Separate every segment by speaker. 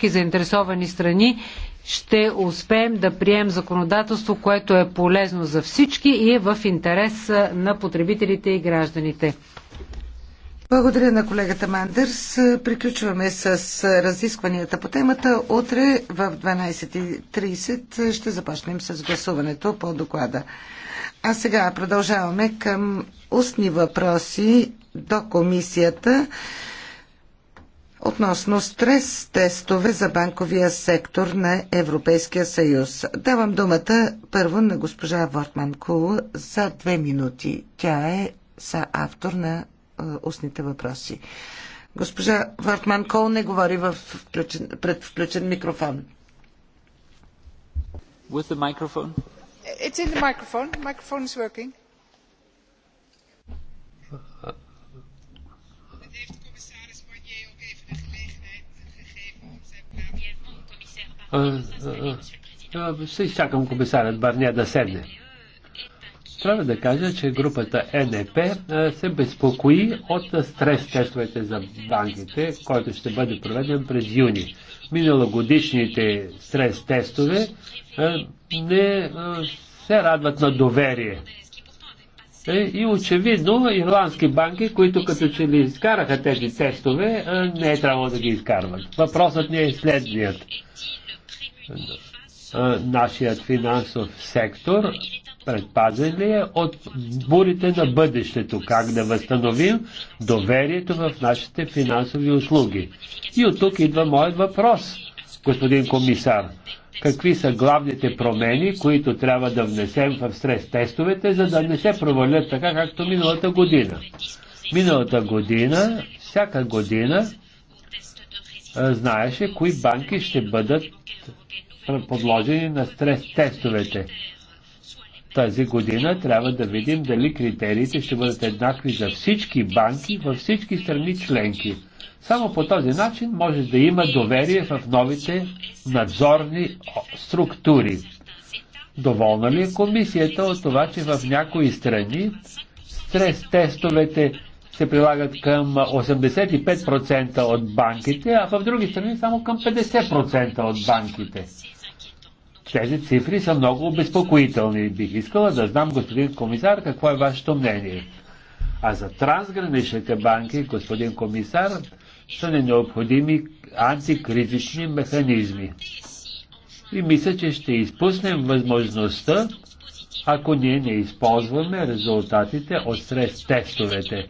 Speaker 1: всички заинтересовани страни ще успеем да прием законодателство, което е полезно за всички и е в интерес на потребителите и гражданите.
Speaker 2: Благодаря на колегата Мандърс. Приключваме с разискванията по темата. Утре в 12.30 ще започнем с гласуването по доклада. А сега продължаваме към устни въпроси до комисията относно стрес тестове за банковия сектор на Европейския съюз. Давам думата първо на госпожа Вортман Кул за две минути. Тя е автор на е, устните въпроси. Госпожа Вортман Кол не говори в включен, пред включен микрофон. With the microphone? It's in the microphone. Microphone is working.
Speaker 3: се изчакам комисарят Барния да седне. Трябва да кажа, че групата е НЕП се безпокои от стрес тестовете за банките, който ще бъде проведен през юни. Миналогодишните стрес тестове не се радват на доверие. Е, и очевидно ирландски банки, които като че ли изкараха тези тестове, не е трябвало да ги изкарват. Въпросът ни е следният нашият финансов сектор предпазен ли е от бурите на бъдещето, как да възстановим доверието в нашите финансови услуги. И от тук идва моят въпрос, господин комисар. Какви са главните промени, които трябва да внесем в стрес тестовете, за да не се провалят така, както миналата година? Миналата година, всяка година, знаеше кои банки ще бъдат подложени на стрес тестовете. Тази година трябва да видим дали критериите ще бъдат еднакви за всички банки във всички страни членки. Само по този начин може да има доверие в новите надзорни структури. Доволна ли е комисията от това, че в някои страни стрес-тестовете се прилагат към 85% от банките, а в други страни само към 50% от банките? Тези цифри са много обезпокоителни. Бих искала да знам, господин комисар, какво е вашето мнение. А за трансграничните банки, господин комисар, са не необходими антикризични механизми. И мисля, че ще изпуснем възможността, ако ние не използваме резултатите от срез тестовете.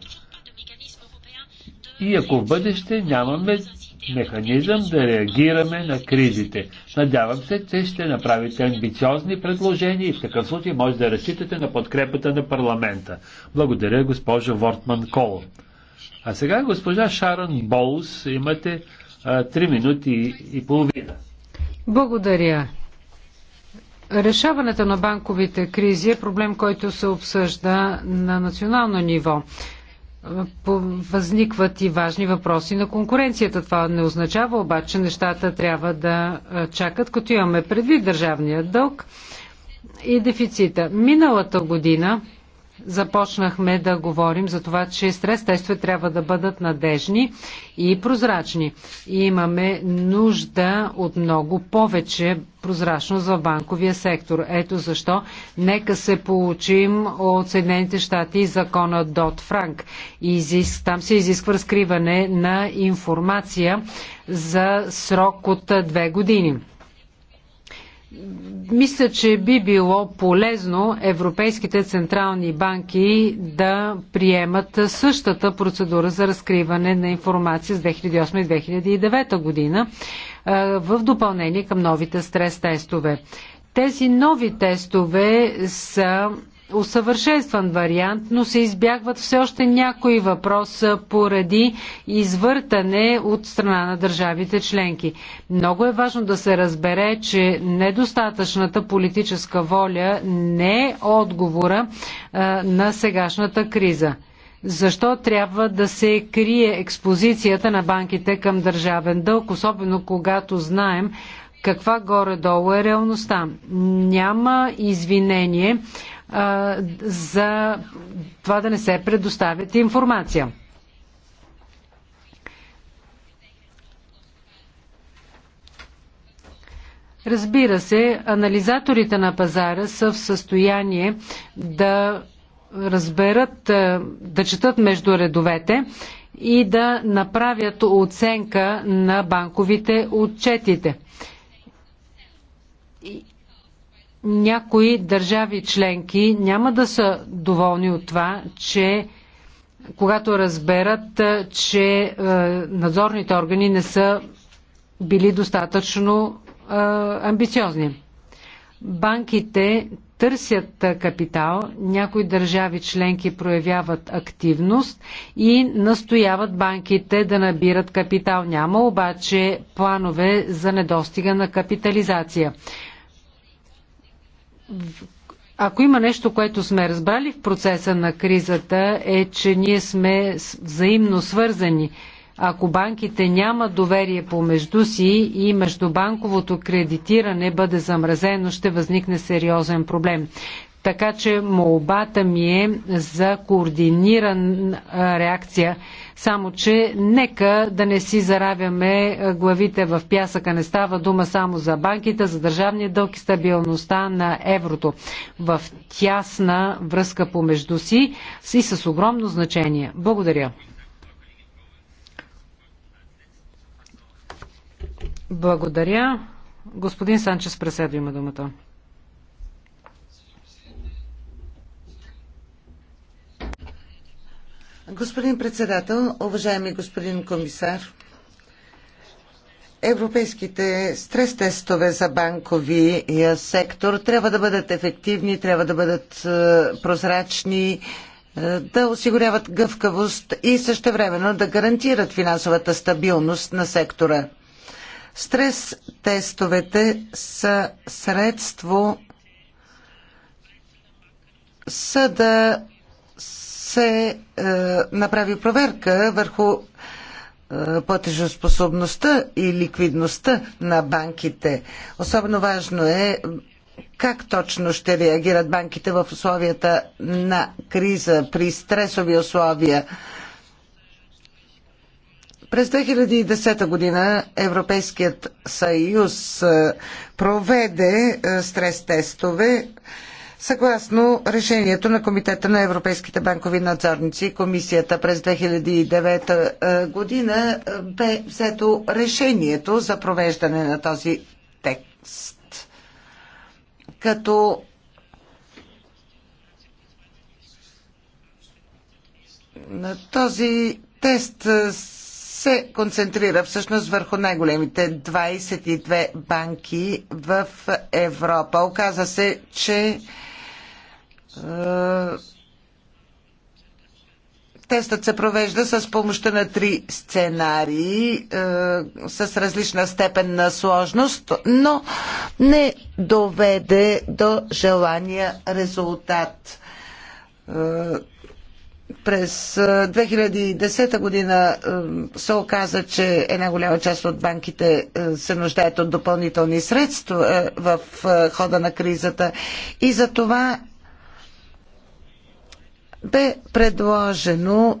Speaker 3: И ако в бъдеще нямаме механизъм да реагираме на кризите. Надявам се, че ще направите амбициозни предложения и в такъв случай може да разчитате на подкрепата на парламента. Благодаря, госпожо Вортман Кол. А сега госпожа Шарон Боус, имате а, 3 минути и половина.
Speaker 1: Благодаря. Решаването на банковите кризи е проблем, който се обсъжда на национално ниво възникват и важни въпроси на конкуренцията. Това не означава обаче, нещата трябва да чакат, като имаме предвид държавния дълг и дефицита. Миналата година започнахме да говорим за това, че стрес тестове трябва да бъдат надежни и прозрачни. И имаме нужда от много повече прозрачност в банковия сектор. Ето защо нека се получим от Съединените щати и закона Дот Франк. Изис... Там се изисква разкриване на информация за срок от две години. Мисля, че би било полезно европейските централни банки да приемат същата процедура за разкриване на информация с 2008 и 2009 година в допълнение към новите стрес тестове. Тези нови тестове са усъвършенстван вариант, но се избягват все още някои въпроса поради извъртане от страна на държавите членки. Много е важно да се разбере, че недостатъчната политическа воля не е отговора а, на сегашната криза. Защо трябва да се крие експозицията на банките към държавен дълг, особено когато знаем каква горе-долу е реалността? Няма извинение за това да не се предоставят информация. Разбира се, анализаторите на пазара са в състояние да разберат, да четат между редовете и да направят оценка на банковите отчетите някои държави членки няма да са доволни от това, че когато разберат, че е, надзорните органи не са били достатъчно е, амбициозни. Банките търсят капитал, някои държави членки проявяват активност и настояват банките да набират капитал. Няма обаче планове за недостига на капитализация ако има нещо, което сме разбрали в процеса на кризата, е, че ние сме взаимно свързани. Ако банките няма доверие помежду си и междубанковото кредитиране бъде замразено, ще възникне сериозен проблем. Така че молбата ми е за координиран реакция. Само, че нека да не си заравяме главите в пясъка. Не става дума само за банките, за държавния дълг и стабилността на еврото. В тясна връзка помежду си и с огромно значение. Благодаря. Благодаря. Господин Санчес Преседо има думата.
Speaker 2: Господин председател, уважаеми господин комисар, Европейските стрес тестове за банковия сектор трябва да бъдат ефективни, трябва да бъдат е, прозрачни, е, да осигуряват гъвкавост и същевременно да гарантират финансовата стабилност на сектора. Стрес тестовете са средство са да се е, направи проверка върху е, платежоспособността и ликвидността на банките. Особено важно е как точно ще реагират банките в условията на криза, при стресови условия. През 2010 година Европейският съюз е, проведе е, стрес-тестове съгласно решението на Комитета на европейските банкови надзорници. Комисията през 2009 е, година е, бе взето решението за провеждане на този текст. Като на този тест е, се концентрира всъщност върху най-големите 22 банки в Европа. Оказа се, че е, тестът се провежда с помощта на три сценарии е, с различна степен на сложност, но не доведе до желания резултат. Е, през 2010 е, година е, се оказа, че една голяма част от банките се нуждаят от допълнителни средства в хода на кризата и за това бе предложено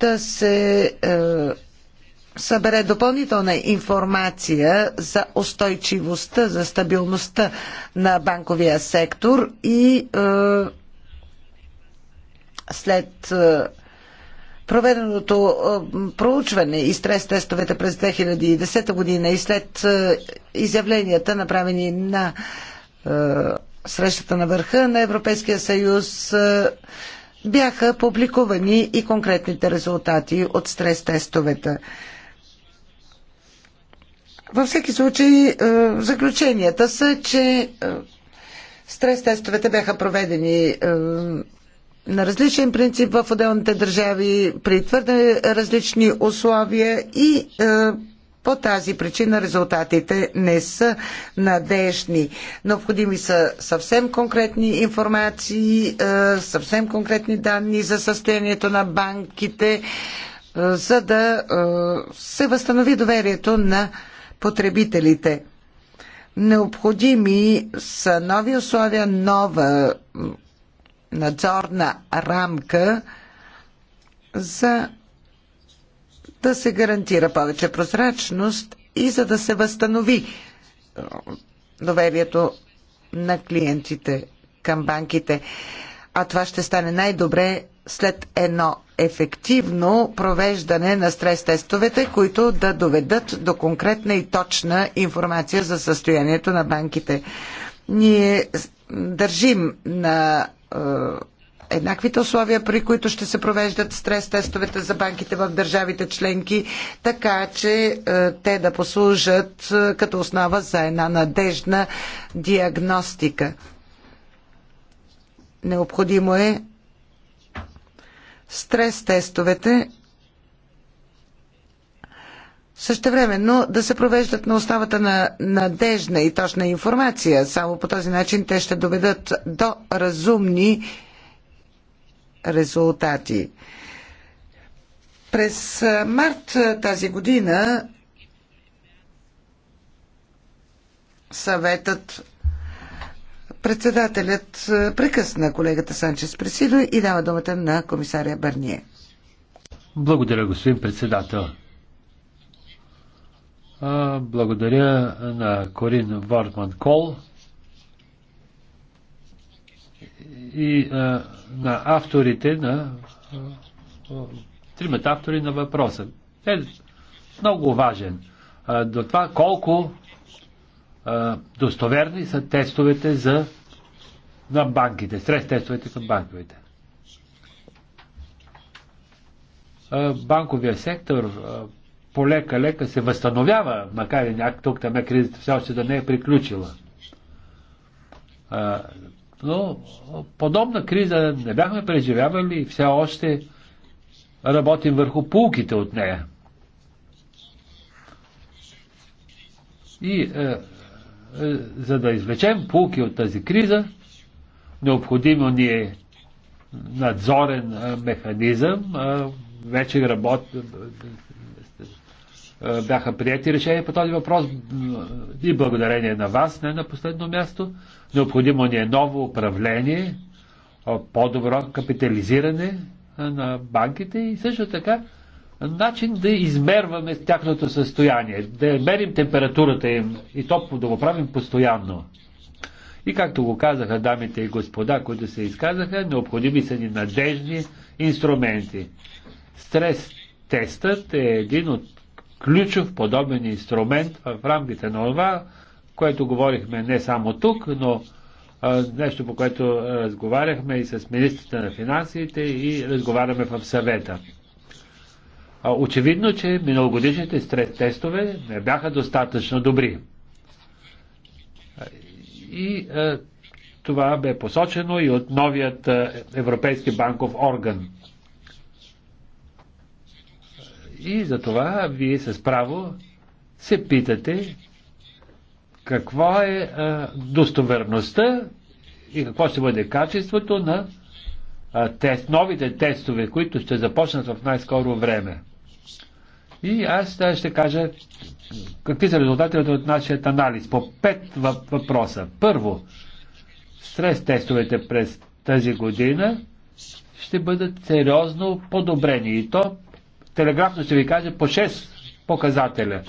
Speaker 2: да се е, събере допълнителна информация за устойчивостта, за стабилността на банковия сектор и е, след е, проведеното е, проучване и стрес-тестовете през 2010 година и след е, изявленията, направени на е, срещата на върха на Европейския съюз е, бяха публикувани и конкретните резултати от стрес-тестовете. Във всеки случай, е, заключенията са, че е, стрес-тестовете бяха проведени на различен принцип в отделните държави, при твърде различни условия и по тази причина резултатите не са надежни. Необходими са съвсем конкретни информации, е, съвсем конкретни данни за състоянието на банките, е, за да е, се възстанови доверието на потребителите. Необходими са нови условия, нова надзорна рамка за да се гарантира повече прозрачност и за да се възстанови е, доверието на клиентите към банките. А това ще стане най-добре след едно ефективно провеждане на стрес-тестовете, които да доведат до конкретна и точна информация за състоянието на банките. Ние държим на е, еднаквите условия, при които ще се провеждат стрес-тестовете за банките в държавите членки, така че е, те да послужат е, като основа за една надежна диагностика. Необходимо е стрес-тестовете Същевременно да се провеждат на основата на надежна и точна информация. Само по този начин те ще доведат до разумни резултати. През март тази година съветът председателят прекъсна колегата Санчес Пресидо и дава думата на комисаря Барние.
Speaker 3: Благодаря, господин председател. Благодаря на Корин Вардман Кол. и а, на авторите, на а, тримата автори на въпроса. Е много важен. А, до това колко а, достоверни са тестовете за, на банките, стрес тестовете към банковите. А, банковия сектор а, полека-лека се възстановява, макар и някак тук там е кризата все още да не е приключила. А, но подобна криза не бяхме преживявали и все още работим върху пулките от нея. И е, е, за да извлечем пулки от тази криза, необходимо ни е надзорен е, механизъм. Е, вече работ, е, бяха прияти решения по този въпрос и благодарение на вас, не на последно място. Необходимо ни е ново управление, по-добро капитализиране е, на банките и също така начин да измерваме тяхното състояние, да мерим температурата им и то да го правим постоянно. И както го казаха дамите и господа, които се изказаха, необходими са ни надежни инструменти. Стрес тестът е един от ключов подобен инструмент в рамките на това, което говорихме не само тук, но а, нещо по което разговаряхме и с министрите на финансите и разговаряме в съвета. А, очевидно, че миналогодишните стрес тестове не бяха достатъчно добри. И а, това бе посочено и от новият Европейски банков орган. И за това вие с право се питате какво е а, достоверността и какво ще бъде качеството на а, тест, новите тестове, които ще започнат в най-скоро време. И аз ще кажа какви са резултатите от нашия анализ по пет въпроса. Първо, стрес тестовете през тази година ще бъдат сериозно подобрени и то телеграфно ще ви кажа по 6 показателя.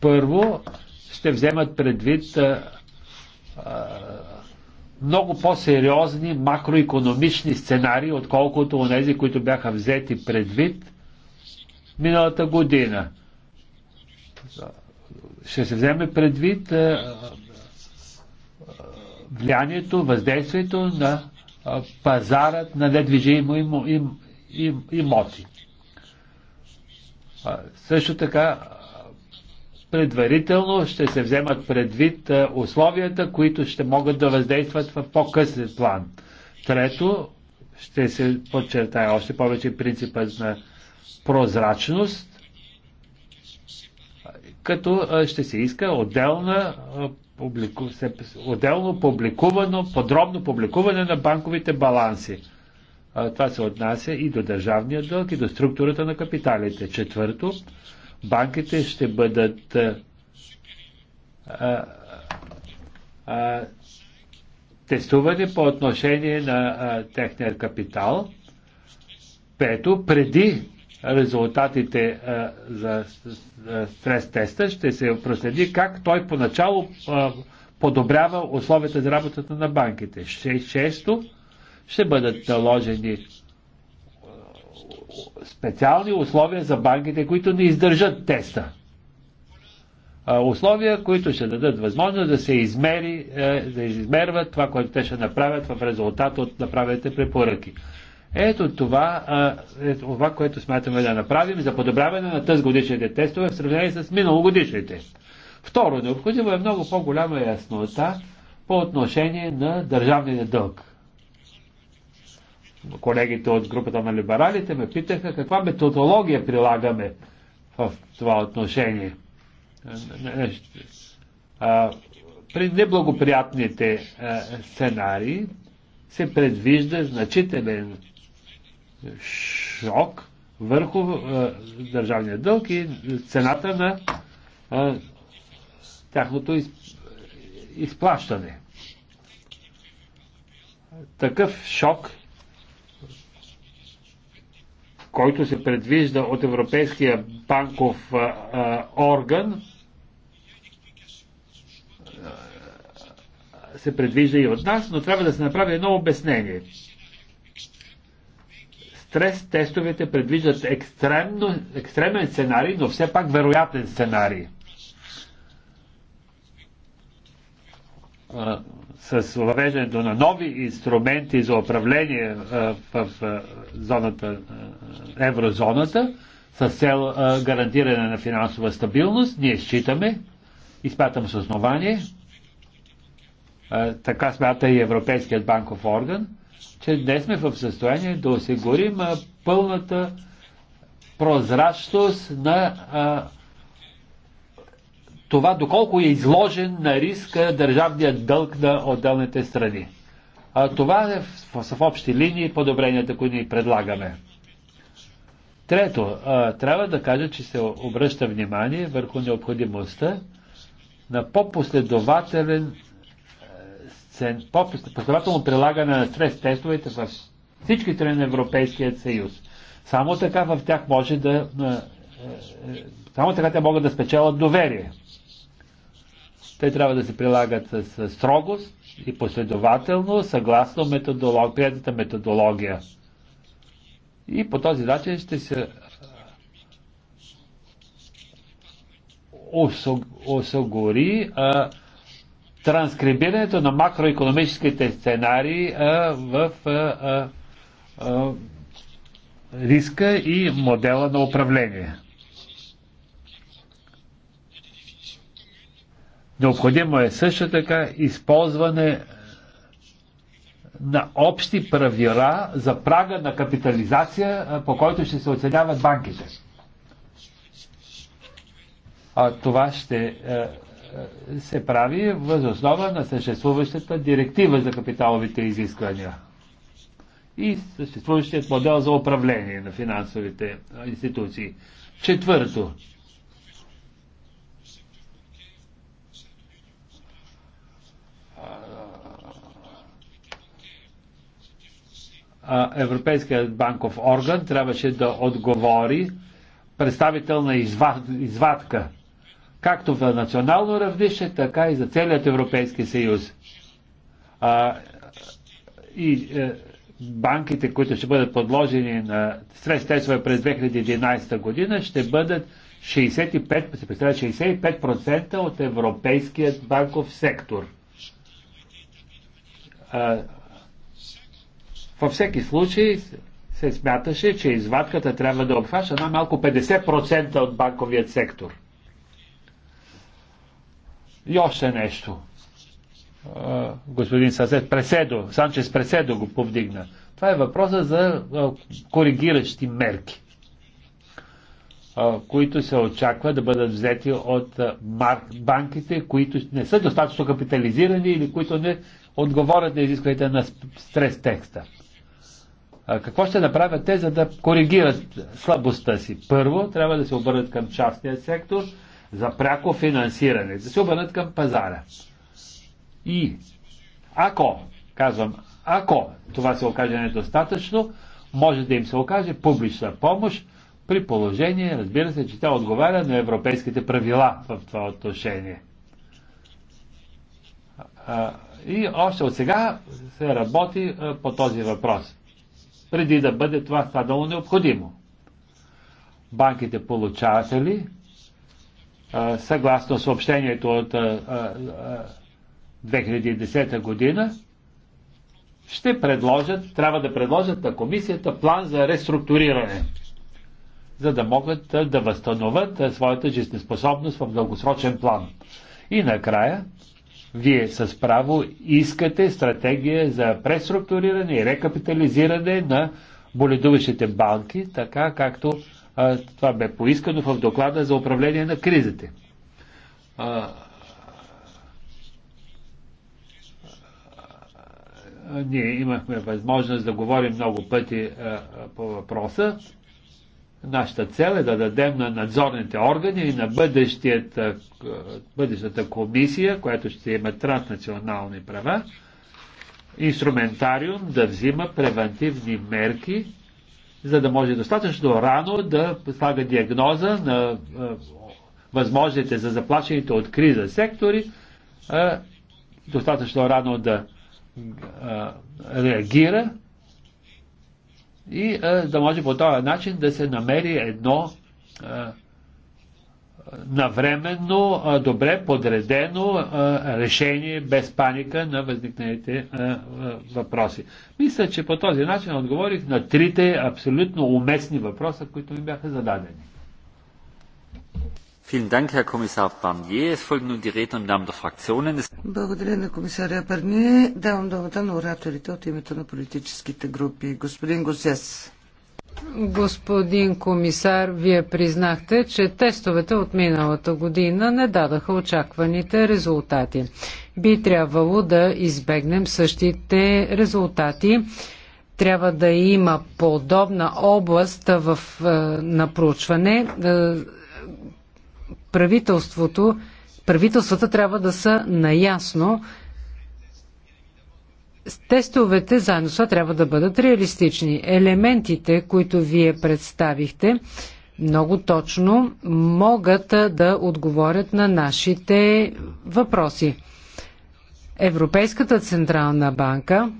Speaker 3: Първо, ще вземат предвид а, а, много по-сериозни макроекономични сценарии, отколкото нези, които бяха взети предвид миналата година. Ще се вземе предвид а, влиянието, въздействието на пазарът на недвижимо имоти. Също така, предварително ще се вземат предвид условията, които ще могат да въздействат в по-късен план. Трето, ще се подчертая още повече принципът на прозрачност, като ще се иска отделна, отделно публикувано, подробно публикуване на банковите баланси. Това се отнася и до държавния дълг, и до структурата на капиталите. Четвърто, банките ще бъдат а, а, тестувани по отношение на а, техния капитал. Пето, преди резултатите а, за стрес теста ще се проследи как той поначало а, подобрява условията за работата на банките. Шесто, ще бъдат наложени е, специални условия за банките, които не издържат теста. Условия, които ще дадат възможност да се измери, е, да измерват това, което те ще направят в резултат от направените препоръки. Ето това е това, което смятаме да направим за подобряване на тази годишните тестове в сравнение с миналогодишните. Второ, необходимо е много по-голяма яснота по отношение на държавния дълг колегите от групата на либералите ме питаха каква методология прилагаме в това отношение. При неблагоприятните сценарии се предвижда значителен шок върху държавния дълг и цената на тяхното изплащане. Такъв шок който се предвижда от Европейския банков орган, се предвижда и от нас, но трябва да се направи едно обяснение. Стрес тестовете предвиждат екстремно, екстремен сценарий, но все пак вероятен сценарий с въвеждането на нови инструменти за управление в зоната, еврозоната, с цел гарантиране на финансова стабилност, ние считаме, и смятам с основание, така смята и Европейският банков орган, че днес сме в състояние да осигурим пълната прозрачност на това доколко е изложен на риска държавният дълг на отделните страни. А това е в, в общи линии подобренията, които ни предлагаме. Трето, а, трябва да кажа, че се обръща внимание върху необходимостта на по-последователен по-последователно прилагане на стрес тестовете в всички страни на Европейския съюз. Само така в тях може да само така те могат да спечелят доверие. Те трябва да се прилагат с строгост и последователно, съгласно методолог, приятата методология. И по този начин ще се осъгури транскрибирането на макроекономическите сценарии а, в а, а, а, риска и модела на управление. Необходимо е също така използване на общи правила за прага на капитализация, по който ще се оценяват банките. А това ще е, е, се прави въз основа на съществуващата директива за капиталовите изисквания и съществуващият модел за управление на финансовите институции. Четвърто, Европейският банков орган трябваше да отговори представител на извадка, както за национално равнище, така и за целият Европейски съюз. А, и е, банките, които ще бъдат подложени на стрес тестове през 2011 година, ще бъдат 65, се 65% от европейският банков сектор. А, във всеки случай се смяташе, че извадката трябва да обхваща най-малко 50% от банковият сектор. И още нещо. Господин Сазет Преседо, Санчес Преседо го повдигна. Това е въпроса за коригиращи мерки, които се очаква да бъдат взети от банките, които не са достатъчно капитализирани или които не отговорят на изискванията на стрес текста. Какво ще направят те, за да коригират слабостта си? Първо, трябва да се обърнат към частния сектор за пряко финансиране, да се обърнат към пазара. И ако, казвам, ако това се окаже недостатъчно, може да им се окаже публична помощ, при положение, разбира се, че тя отговаря на европейските правила в това отношение. И още от сега се работи по този въпрос преди да бъде това станало необходимо. Банките получатели, съгласно съобщението от 2010 година, ще предложат, трябва да предложат на комисията план за реструктуриране, за да могат да възстановят своята жизнеспособност в дългосрочен план. И накрая, вие с право искате стратегия за преструктуриране и рекапитализиране на боледуващите банки, така както а, това бе поискано в доклада за управление на кризите. А, ние имахме възможност да говорим много пъти а, по въпроса. Нашата цел е да дадем на надзорните органи и на бъдещата комисия, която ще има транснационални права, инструментариум да взима превентивни мерки, за да може достатъчно рано да слага диагноза на възможните за заплашените от криза сектори, достатъчно рано да реагира и а, да може по този начин да се намери едно а, навременно, а, добре подредено а, решение без паника на възникналите въпроси. Мисля, че по този начин отговорих на трите абсолютно уместни въпроса, които ми бяха зададени.
Speaker 2: Благодаря на комисаря Барние. Давам думата на ораторите от името на политическите групи. Господин Госес.
Speaker 1: Господин комисар, вие признахте, че тестовете от миналата година не дадаха очакваните резултати. Би трябвало да избегнем същите резултати. Трябва да има подобна област в, е, на проучване е, правителството, правителствата трябва да са наясно. Тестовете заедно с това трябва да бъдат реалистични. Елементите, които вие представихте, много точно могат да отговорят на нашите въпроси. Европейската централна банка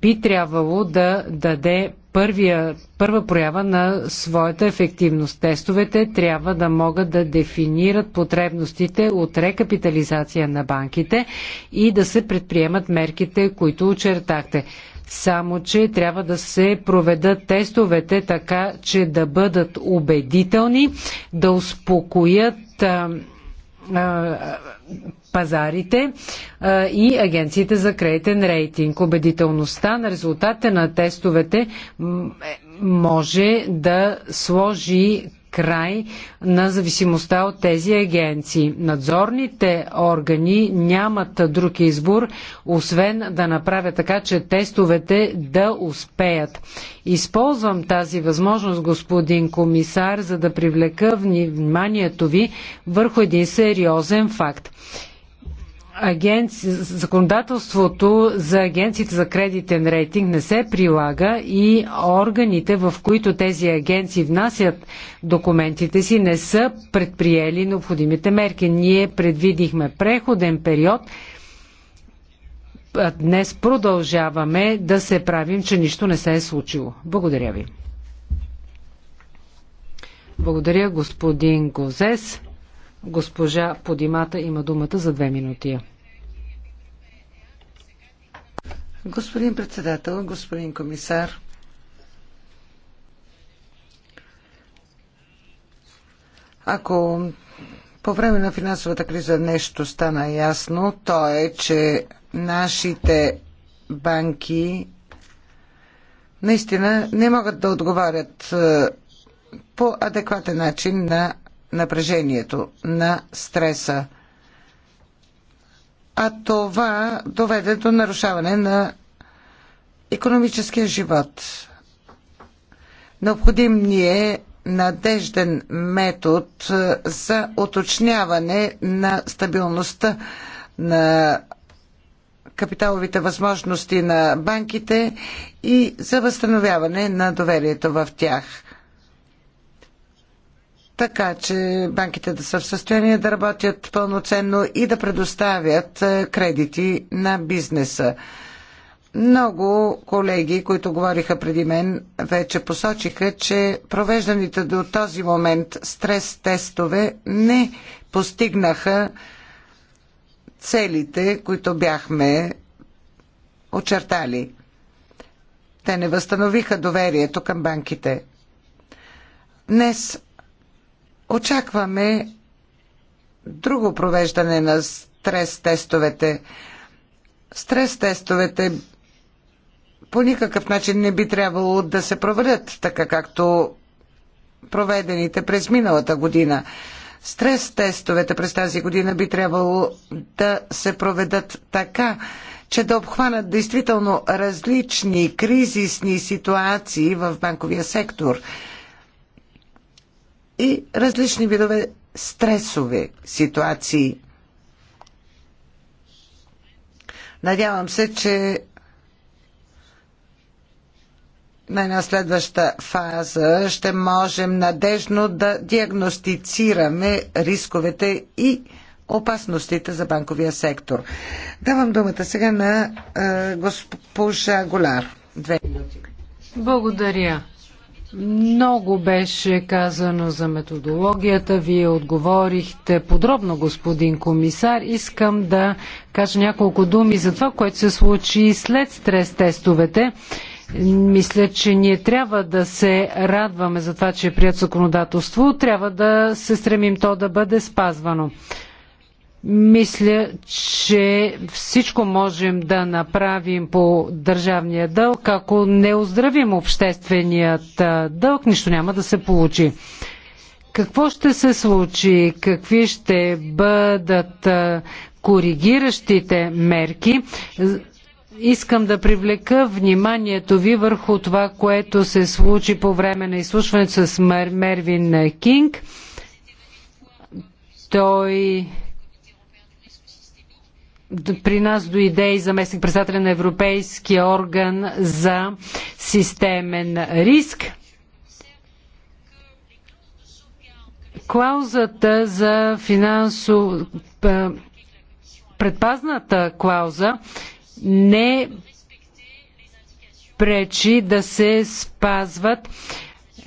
Speaker 1: би трябвало да даде първия, първа проява на своята ефективност. Тестовете трябва да могат да дефинират потребностите от рекапитализация на банките и да се предприемат мерките, които очертахте. Само, че трябва да се проведат тестовете така, че да бъдат убедителни, да успокоят а, а, пазарите и агенциите за кредитен рейтинг. Убедителността на резултатите на тестовете е, може да сложи край на зависимостта от тези агенции. Надзорните органи нямат друг избор, освен да направят така, че тестовете да успеят. Използвам тази възможност, господин комисар, за да привлека вниманието ви върху един сериозен факт агенци... законодателството за агенциите за кредитен рейтинг не се прилага и органите, в които тези агенции внасят документите си, не са предприели необходимите мерки. Ние предвидихме преходен период. Днес продължаваме да се правим, че нищо не се е случило. Благодаря ви. Благодаря, господин Гозес. Госпожа Подимата има думата за две минути.
Speaker 2: Господин председател, господин комисар, ако по време на финансовата криза нещо стана ясно, то е, че нашите банки наистина не могат да отговарят е, по адекватен начин на напрежението, на стреса. А това доведе до нарушаване на економическия живот. Необходим ни е надежден метод е, за уточняване на стабилността на капиталовите възможности на банките и за възстановяване на доверието в тях така че банките да са в състояние да работят пълноценно и да предоставят е, кредити на бизнеса. Много колеги, които говориха преди мен, вече посочиха, че провежданите до този момент стрес тестове не постигнаха целите, които бяхме очертали. Те не възстановиха доверието към банките. Днес Очакваме друго провеждане на стрес-тестовете. Стрес-тестовете по никакъв начин не би трябвало да се проведат, така както проведените през миналата година. Стрес-тестовете през тази година би трябвало да се проведат така, че да обхванат действително различни кризисни ситуации в банковия сектор – и различни видове стресови ситуации. Надявам се, че на една следваща фаза ще можем надежно да диагностицираме рисковете и опасностите за банковия сектор. Давам думата сега на е, госпожа Голяр. Две минути.
Speaker 1: Благодаря. Много беше казано за методологията. Вие отговорихте подробно, господин комисар. Искам да кажа няколко думи за това, което се случи след стрес тестовете. Мисля, че ние трябва да се радваме за това, че е прият законодателство. Трябва да се стремим то да бъде спазвано. Мисля, че всичко можем да направим по държавния дълг. Ако не оздравим общественият дълг, нищо няма да се получи. Какво ще се случи? Какви ще бъдат коригиращите мерки? Искам да привлека вниманието ви върху това, което се случи по време на изслушването с Мервин Кинг. Той при нас дойде и заместник председателя на Европейския орган за системен риск. Клаузата за финансов... предпазната клауза не пречи да се спазват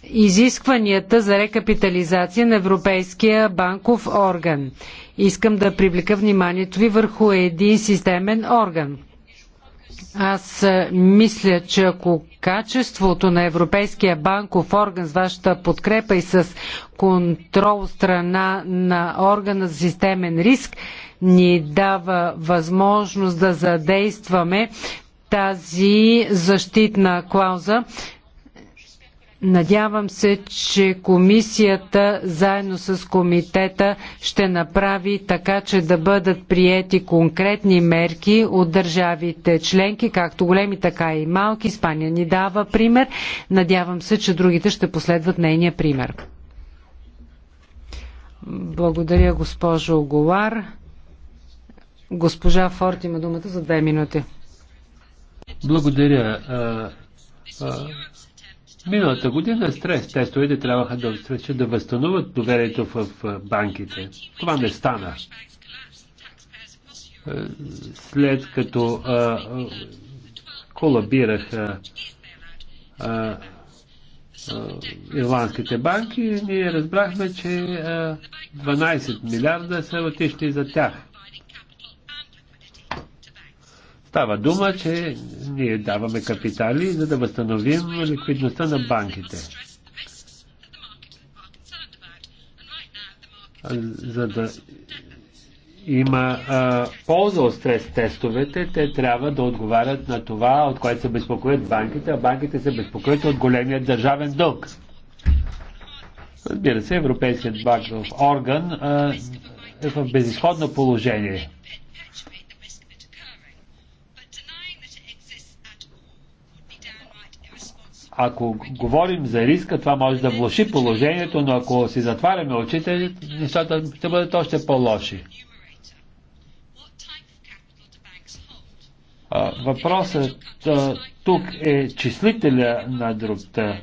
Speaker 1: изискванията за рекапитализация на Европейския банков орган. Искам да привлека вниманието ви върху един системен орган. Аз мисля, че ако качеството на Европейския банков орган с вашата подкрепа и с контрол страна на органа за системен риск ни дава възможност да задействаме тази защитна клауза, Надявам се, че комисията заедно с комитета ще направи така, че да бъдат приети конкретни мерки от държавите членки, както големи, така и малки. Испания ни дава пример. Надявам се, че другите ще последват нейния пример. Благодаря, госпожо Голар. Госпожа Форт има думата за две минути.
Speaker 3: Благодаря. Миналата година стрес тестовете трябваха да, да възстановят доверието в банките. Това не стана. Е, след като а, а, колабираха а, ирландските банки, ние разбрахме, че 12 милиарда са отишли за тях. Става дума, че ние даваме капитали, за да възстановим ликвидността на банките. За да има а, полза от стрес тестовете, те трябва да отговарят на това, от което се безпокоят банките, а банките се безпокоят от големия държавен дълг. Разбира се, Европейският банков орган а, е в безисходно положение. ако говорим за риска, това може да влоши положението, но ако си затваряме очите, нещата ще бъдат още по-лоши. Въпросът тук е числителя на другта.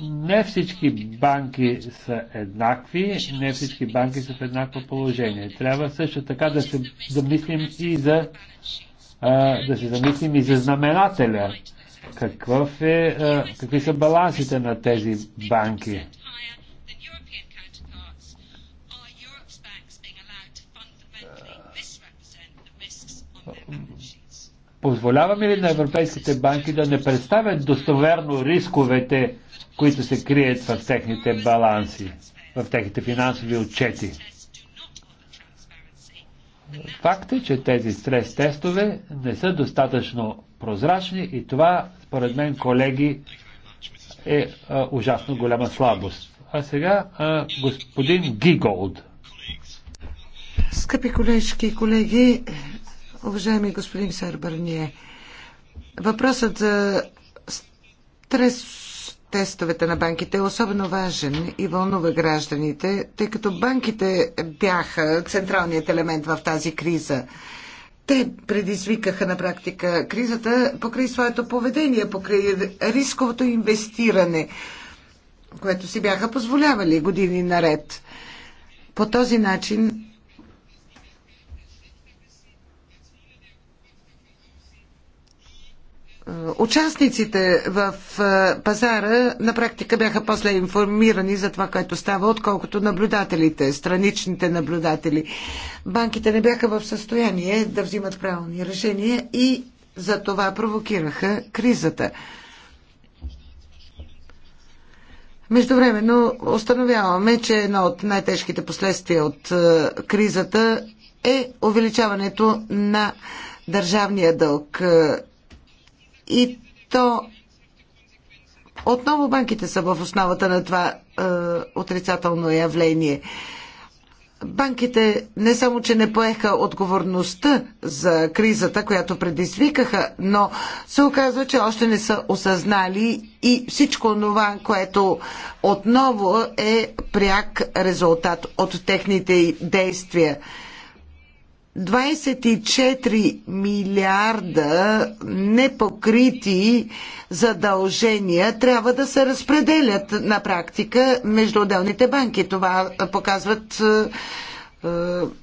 Speaker 3: Не всички банки са еднакви, не всички банки са в еднакво положение. Трябва също така да се замислим и за а, да се замислим и за знаменателя. Какъв е, какви са балансите на тези банки? Позволяваме ли на европейските банки да не представят достоверно рисковете, които се крият в техните баланси, в техните финансови отчети? Факт е, че тези стрес тестове не са достатъчно прозрачни и това, според мен, колеги, е а, ужасно голяма слабост. А сега а, господин Гиголд.
Speaker 2: Скъпи колежки и колеги, уважаеми господин Сърбърние, въпросът за стрес тестовете на банките е особено важен и вълнува гражданите, тъй като банките бяха централният елемент в тази криза те предизвикаха на практика кризата покрай своето поведение, покрай рисковото инвестиране, което си бяха позволявали години наред. По този начин Е, участниците в е, пазара на практика бяха после информирани за това, което става, отколкото наблюдателите, страничните наблюдатели. Банките не бяха в състояние да взимат правилни решения и за това провокираха кризата. Междувременно установяваме, че едно от най-тежките последствия от е, кризата е увеличаването на държавния дълг. И то отново банките са в основата на това е, отрицателно явление. Банките не само, че не поеха отговорността за кризата, която предизвикаха, но се оказва, че още не са осъзнали и всичко това, което отново е пряк резултат от техните действия. 24 милиарда непокрити задължения трябва да се разпределят на практика между отделните банки. Това показват е, е,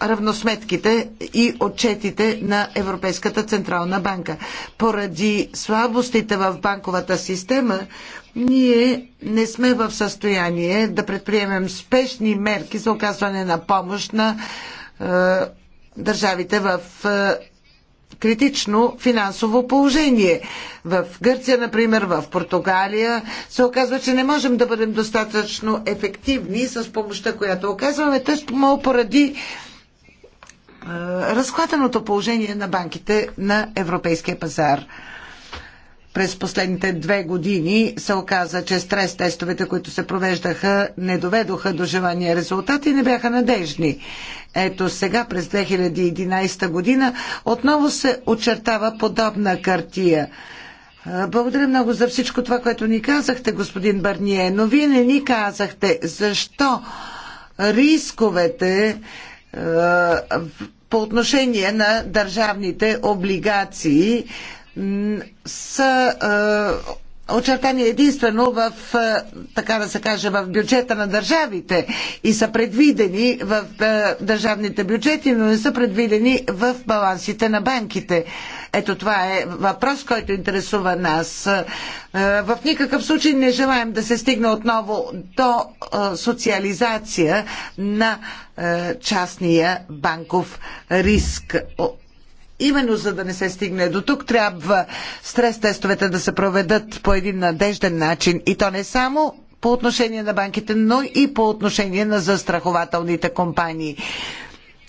Speaker 2: равносметките и отчетите на Европейската Централна банка. Поради слабостите в банковата система, ние не сме в състояние да предприемем спешни мерки за оказване на помощ на е, държавите в е, критично финансово положение. В Гърция, например, в Португалия се оказва, че не можем да бъдем достатъчно ефективни с помощта, която оказваме, тъжмо поради е, разклатеното положение на банките на европейския пазар през последните две години се оказа, че стрес тестовете, които се провеждаха, не доведоха до желания резултат и не бяха надежни. Ето сега, през 2011 година, отново се очертава подобна картия. Благодаря много за всичко това, което ни казахте, господин Барние, но вие не ни казахте защо рисковете по отношение на държавните облигации са очертани единствено в, така да се каже, в бюджета на държавите и са предвидени в държавните бюджети, но не са предвидени в балансите на банките. Ето това е въпрос, който интересува нас. В никакъв случай не желаем да се стигне отново до социализация на частния банков риск именно за да не се стигне до тук, трябва стрес-тестовете да се проведат по един надежден начин. И то не само по отношение на банките, но и по отношение на застрахователните компании.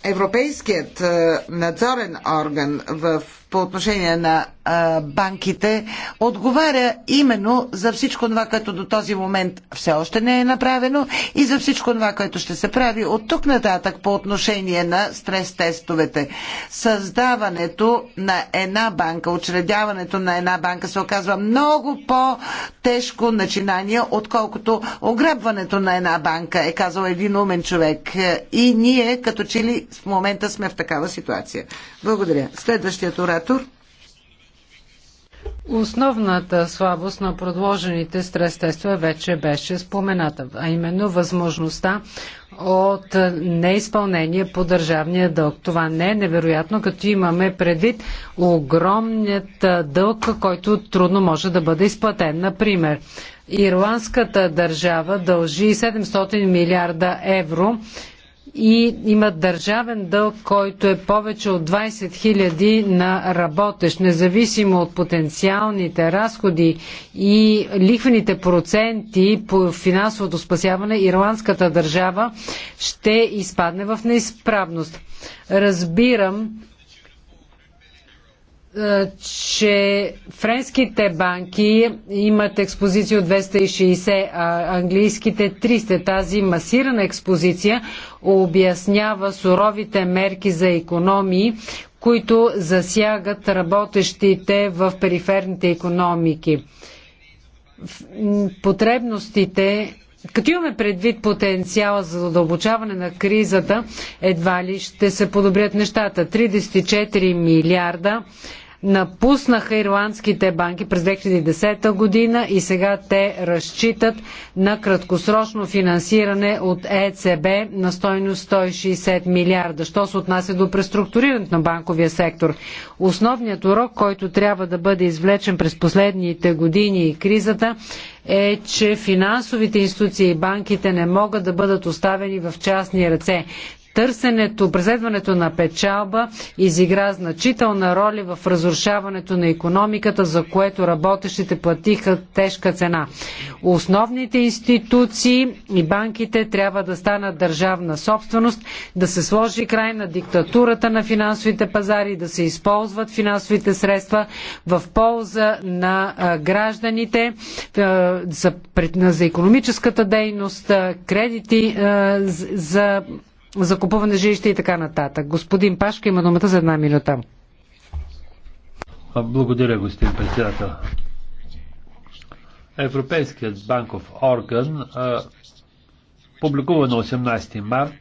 Speaker 2: Европейският е, надзорен орган в по отношение на а, банките отговаря именно за всичко това, което до този момент все още не е направено и за всичко това, което ще се прави от тук нататък по отношение на стрес-тестовете. Създаването на една банка, учредяването на една банка се оказва много по-тежко начинание, отколкото ограбването на една банка, е казал един умен човек. И ние, като че ли в момента сме в такава ситуация. Благодаря. Следващият урат оратор.
Speaker 1: Основната слабост на продложените стрес тестове вече беше спомената, а именно възможността от неизпълнение по държавния дълг. Това не е невероятно, като имаме предвид огромният дълг, който трудно може да бъде изплатен. Например, ирландската държава дължи 700 милиарда евро и имат държавен дълг, който е повече от 20 000 на работещ, независимо от потенциалните разходи и лихвените проценти по финансовото спасяване, ирландската държава ще изпадне в неизправност. Разбирам, е, че френските банки имат експозиция от 260, а английските 300. Тази масирана експозиция обяснява суровите мерки за економии, които засягат работещите в периферните економики. Потребностите като имаме предвид потенциала за задълбочаване на кризата, едва ли ще се подобрят нещата. 34 милиарда напуснаха ирландските банки през 2010 година и сега те разчитат на краткосрочно финансиране от ЕЦБ на стойност 160 милиарда. Що се отнася до преструктурирането на банковия сектор? Основният урок, който трябва да бъде извлечен през последните години и кризата е, че финансовите институции и банките не могат да бъдат оставени в частни ръце. Търсенето, преследването на печалба изигра значителна роля в разрушаването на економиката, за което работещите платиха тежка цена. Основните институции и банките трябва да станат държавна собственост, да се сложи край на диктатурата на финансовите пазари, да се използват финансовите средства в полза на гражданите, за, за економическата дейност, кредити за за купуване жилище и така нататък. Господин Пашка има думата за една минута.
Speaker 3: Благодаря, господин председател. Европейският банков орган а, публикува на 18 март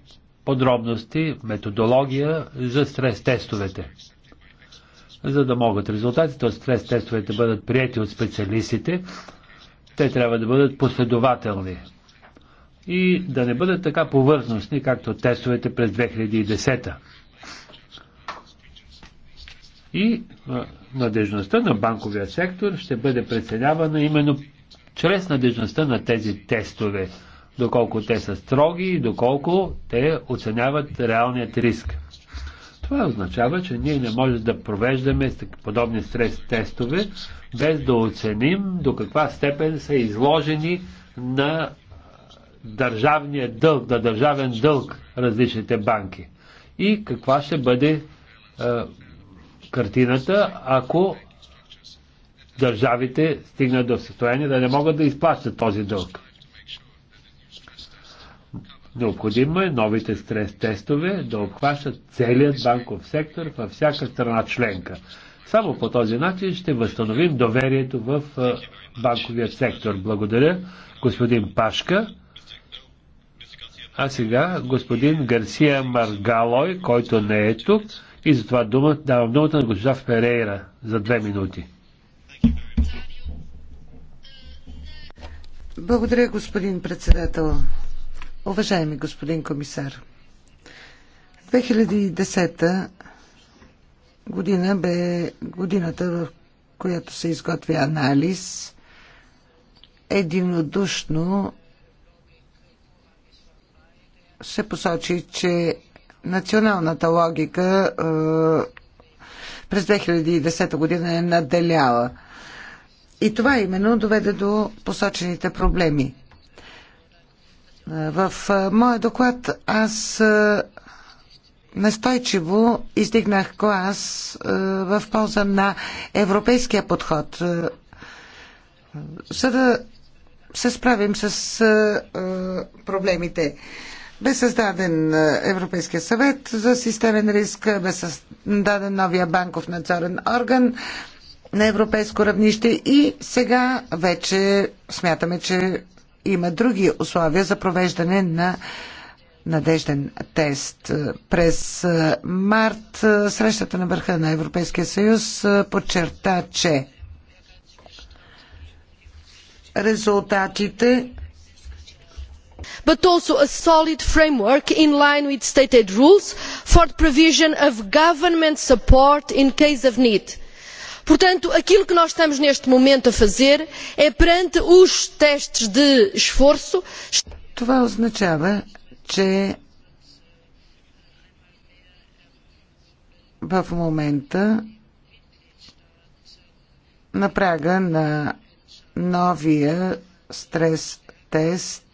Speaker 3: подробности, методология за стрес-тестовете. За да могат резултатите от стрес-тестовете бъдат прияти от специалистите, те трябва да бъдат последователни и да не бъдат така повърхностни, както тестовете през 2010. И надежността на банковия сектор ще бъде преценявана именно чрез надежността на тези тестове, доколко те са строги и доколко те оценяват реалният риск. Това означава, че ние не можем да провеждаме подобни стрес тестове, без да оценим до каква степен са изложени на държавния дълг, на държавен дълг различните банки. И каква ще бъде а, е, картината, ако държавите стигнат до състояние да не могат да изплащат този дълг. Необходимо е новите стрес тестове да обхващат целият банков сектор във всяка страна членка. Само по този начин ще възстановим доверието в е, банковия сектор. Благодаря, господин Пашка. А сега господин Гарсия Маргалой, който не е тук, и затова дума, давам думата на госпожа Ферейра за две минути.
Speaker 2: Благодаря, господин председател. Уважаеми господин комисар, 2010 година бе годината, в която се изготвя анализ единодушно се посочи, че националната логика е, през 2010 година е наделяла. И това именно доведе до посочените проблеми. В е, моя доклад аз е, настойчиво издигнах клас в полза на европейския подход, за да се справим с проблемите. Бе създаден е, Европейския съвет за системен риск, бе създаден новия банков надзорен орган на европейско равнище и сега вече смятаме, че има други условия за провеждане на надежден тест. През е, март е, срещата на върха на Европейския съюз подчерта, че резултатите but also
Speaker 1: a solid framework in line with state aid rules for the provision of government support in case of need. portanto aquilo que nós estamos neste momento a fazer
Speaker 2: é perante os testes de esforço Това означава, че в момента на прага на новия стрес тест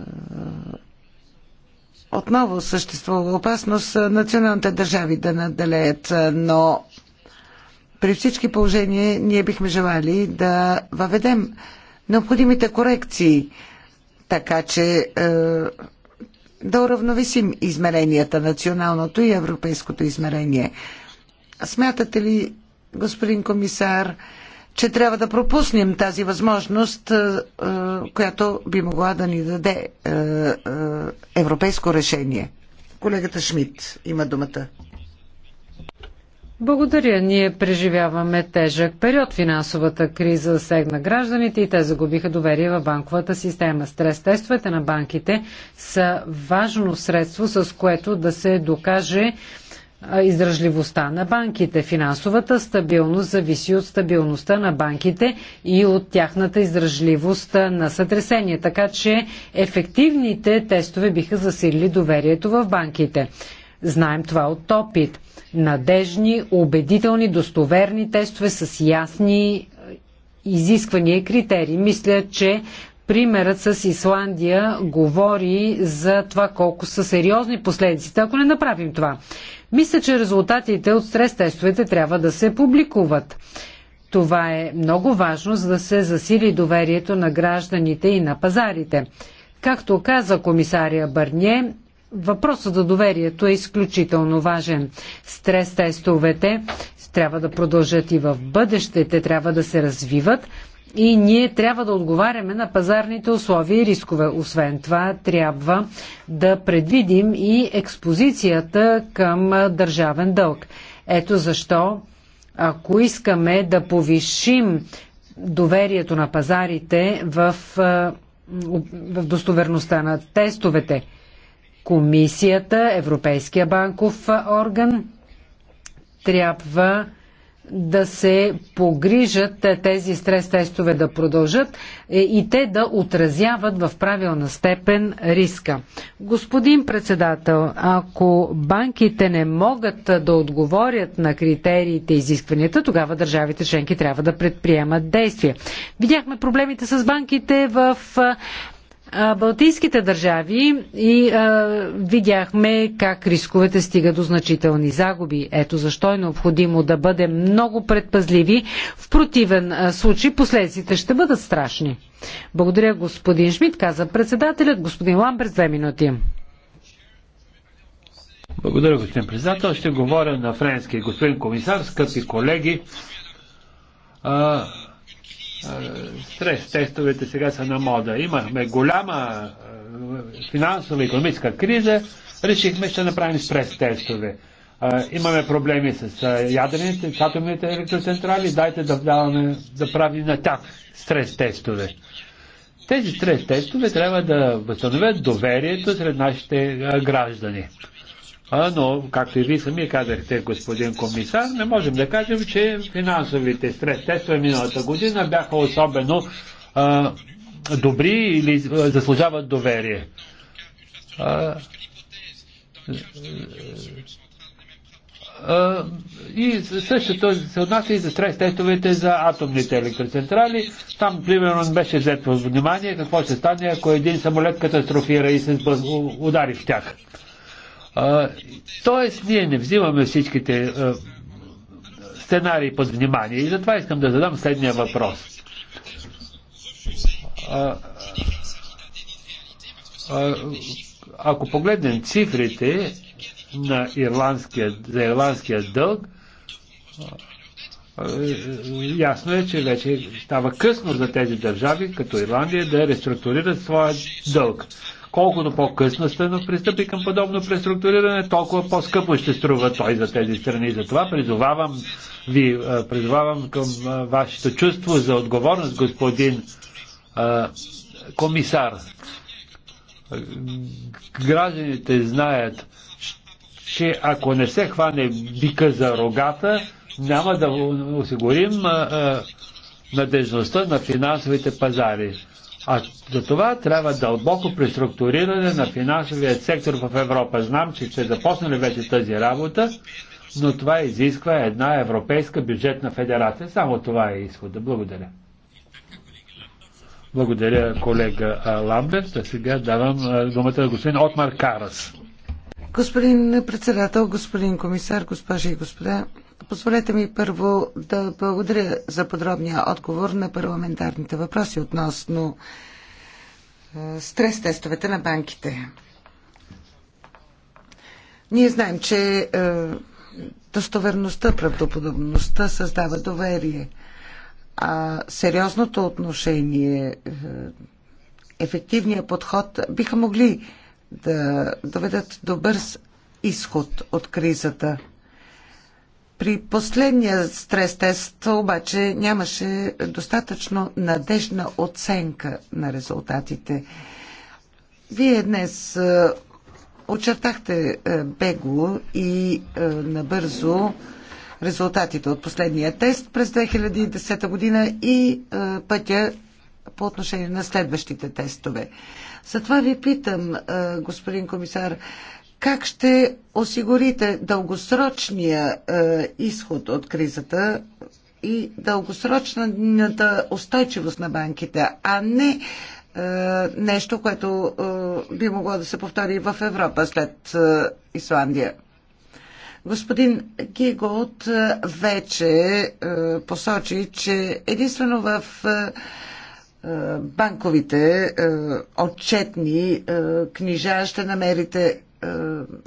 Speaker 2: е, отново съществува опасност националните държави да наделеят, е, но при всички положения ние бихме желали да въведем необходимите корекции, така че е, да уравновесим измеренията, националното и европейското измерение. Смятате ли, господин комисар, че трябва да пропуснем тази възможност, е, е, която би могла да ни даде е, европейско решение. Колегата Шмидт има думата.
Speaker 1: Благодаря. Ние преживяваме тежък период. Финансовата криза сегна гражданите и те загубиха доверие в банковата система. Стрес тестовете на банките са важно средство, с което да се докаже издръжливостта на банките. Финансовата стабилност зависи от стабилността на банките и от тяхната издръжливост на сътресение. Така че ефективните тестове биха засилили доверието в банките. Знаем това от опит. Надежни, убедителни, достоверни тестове с ясни изисквания и критерии. Мисля, че примерът с Исландия говори за това колко са сериозни последиците, ако не направим това. Мисля, че резултатите от стрес-тестовете трябва да се публикуват. Това е много важно, за да се засили доверието на гражданите и на пазарите. Както каза комисария Бърние, въпросът за доверието е изключително важен. Стрес-тестовете трябва да продължат и в бъдеще, те трябва да се развиват, и ние трябва да отговаряме на пазарните условия и рискове. Освен това, трябва да предвидим и експозицията към държавен дълг. Ето защо, ако искаме да повишим доверието на пазарите в, в достоверността на тестовете, Комисията, Европейския банков орган трябва да се погрижат тези стрес тестове да продължат е, и те да отразяват в правилна степен риска. Господин председател, ако банките не могат да отговорят на критериите и изискванията, тогава държавите членки трябва да предприемат действия. Видяхме проблемите с банките в е, Балтийските държави и а, видяхме как рисковете стига до значителни загуби. Ето защо е необходимо да бъдем много предпазливи. В противен а, случай последиците ще бъдат страшни. Благодаря господин Шмидт, каза председателят. Господин Ламберт, две минути.
Speaker 3: Благодаря, господин председател. Ще говоря на френски. Господин комисар, скъпи колеги, а, стрес е, тестовете сега са на мода. Имахме голяма е, финансова и економическа криза, решихме, ще направим стрес тестове. Е, имаме проблеми с ядрените, с атомните електроцентрали, дайте да, даваме, да правим на тях стрес тестове. Тези стрес тестове трябва да възстановят доверието сред нашите граждани. А, но, както и вие сами казахте, господин комисар, не можем да кажем, че финансовите стрес тестове миналата година бяха особено а, добри или заслужават доверие. А, а, и същото се отнася и за стрес тестовете за атомните електроцентрали. Там, примерно, беше взето внимание какво ще стане, ако един самолет катастрофира и се удари в тях. Т.е. тоест, ние не взимаме всичките а, сценарии под внимание. И затова искам да задам следния въпрос. А, а, ако погледнем цифрите на ирландския, за ирландския дълг, ясно е, че вече става късно за тези държави, като Ирландия, да реструктурират своя дълг. Колкото по-късно ще пристъпи към подобно преструктуриране, толкова по-скъпо ще струва той за тези страни. Затова призовавам ви, е, призовавам към е, вашето чувство за отговорност, господин е, комисар. Гражданите знаят, че ако не се хване бика за рогата, няма да осигурим надежността на финансовите пазари. А за това трябва дълбоко преструктуриране на финансовия сектор в Европа. Знам, че ще започнали вече тази работа, но това изисква една европейска бюджетна федерация. Само това е изхода. Благодаря. Благодаря, колега Ламберт. А сега давам думата на господин Отмар Карас.
Speaker 2: Господин председател, господин комисар, госпожи и господа, Позволете ми първо да благодаря за подробния отговор на парламентарните въпроси относно е, стрес-тестовете на банките. Ние знаем, че е, достоверността, правдоподобността създава доверие, а сериозното отношение, е, ефективният подход биха могли да доведат до бърз изход от кризата – при последния стрес тест обаче нямаше достатъчно надежна оценка на резултатите. Вие днес е, очертахте е, бегло и е, набързо резултатите от последния тест през 2010 година и пътя по отношение на следващите тестове. Затова ви питам, господин комисар, как ще осигурите дългосрочния е, изход от кризата и дългосрочната устойчивост на банките, а не е, нещо, което е, би могло да се повтори в Европа след е, Исландия? Господин Гигот е, вече е, посочи, че единствено в е, е банковите е, отчетни е, книжа ще намерите е,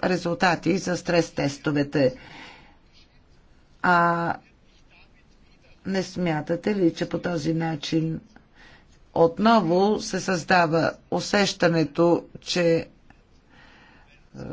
Speaker 2: резултати за стрес-тестовете. А не смятате ли, че по този начин отново се създава усещането, че е,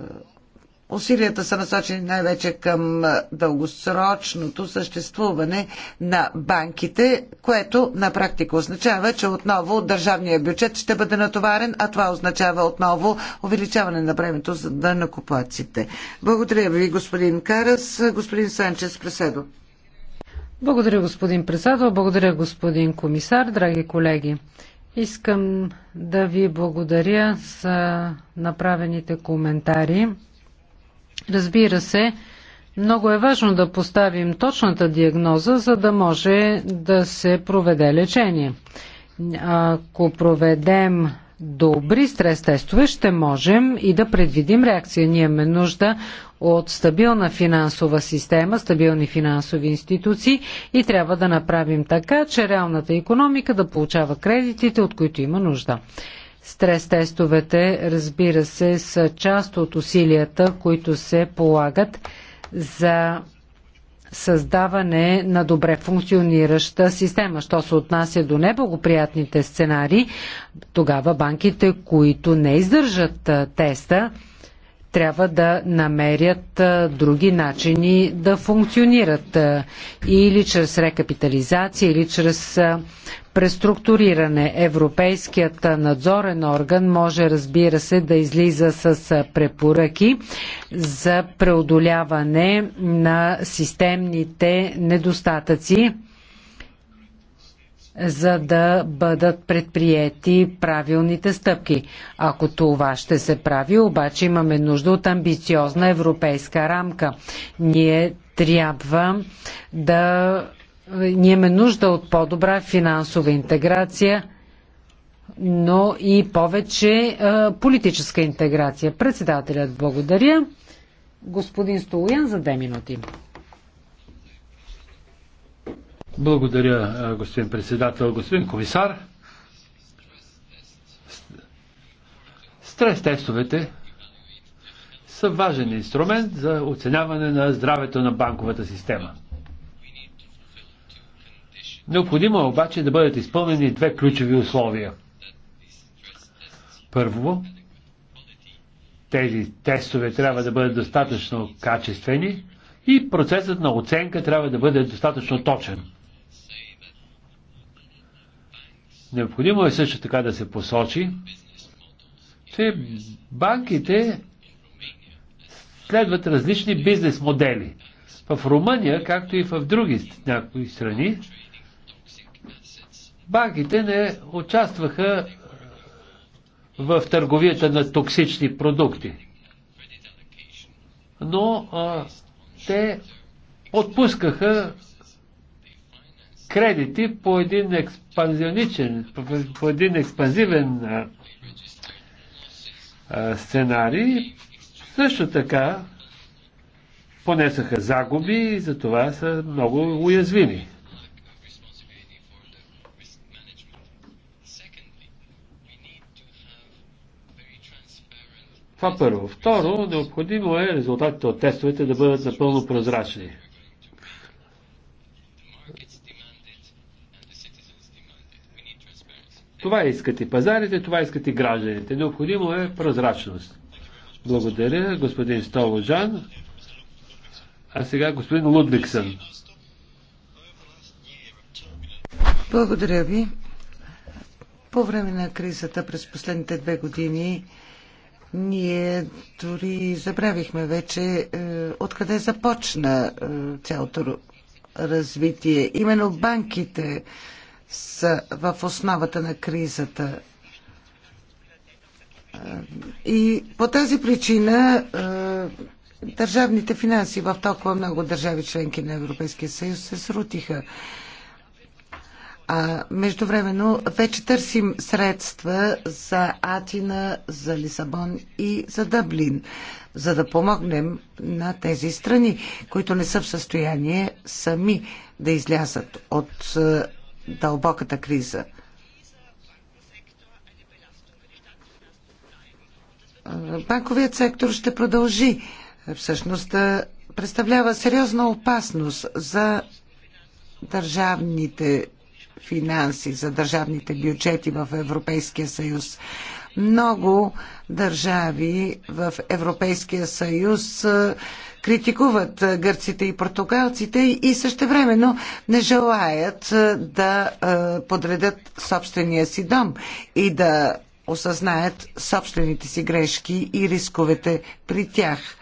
Speaker 2: Усилията са насочени най-вече към дългосрочното съществуване на банките, което на практика означава, че отново държавният бюджет ще бъде натоварен, а това означава отново увеличаване на времето за да накупаците. Благодаря ви, господин Карас. Господин Санчес Преседо. Благодаря, господин
Speaker 1: председател. Благодаря, господин комисар, драги колеги. Искам да ви благодаря за направените коментари. Разбира се, много е важно да поставим точната диагноза, за да може да се проведе лечение. Ако проведем добри стрес тестове, ще можем и да предвидим реакция. Ние имаме нужда от стабилна финансова система, стабилни финансови институции и трябва да направим така, че реалната економика да получава кредитите, от които има нужда. Стрес-тестовете, разбира се, са част от усилията, които се полагат за създаване на добре функционираща система. Що се отнася до неблагоприятните сценари, тогава банките, които не издържат теста, трябва да намерят други начини да функционират или чрез рекапитализация, или чрез преструктуриране. Европейският надзорен орган може, разбира се, да излиза с препоръки за преодоляване на системните недостатъци за да бъдат предприети правилните стъпки. Ако това ще се прави, обаче имаме нужда от амбициозна европейска рамка. Ние трябва да ние имаме нужда от по-добра финансова интеграция, но и повече е, политическа интеграция. Председателят благодаря. Господин Столуян за две минути.
Speaker 3: Благодаря, е, господин председател, господин комисар. Стрес тестовете са важен инструмент за оценяване на здравето на банковата система. Необходимо е обаче да бъдат изпълнени две ключови условия. Първо, тези тестове трябва да бъдат достатъчно качествени и процесът на оценка трябва да бъде достатъчно точен. Необходимо е също така да се посочи, че банките следват различни бизнес модели. В Румъния, както и в други някои страни, банките не участваха в търговията на токсични продукти. Но а, те отпускаха кредити по един експанзионичен, по един експанзивен а, сценарий. Също така понесаха загуби и затова са много уязвими. Това първо. Второ, необходимо е резултатите от тестовете да бъдат напълно прозрачни. Това искат и пазарите, това искат и гражданите. Необходимо е прозрачност. Благодаря, господин Столожан. А сега господин Лудвиксън.
Speaker 2: Благодаря ви. По време на кризата през последните две години ние дори забравихме вече е, откъде започна е, цялото развитие. Именно банките са в основата на кризата. Е, и по тази причина е, държавните финанси в толкова много държави членки на Европейския съюз се срутиха. А междувременно вече търсим средства за Атина, за Лисабон и за Дъблин, за да помогнем на тези страни, които не са в състояние сами да излязат от дълбоката криза. Банковият сектор ще продължи всъщност да представлява сериозна опасност за държавните финанси, за държавните бюджети в Европейския съюз. Много държави в Европейския съюз критикуват гърците и португалците и същевременно не желаят да подредят собствения си дом и да осъзнаят собствените си грешки и рисковете при тях –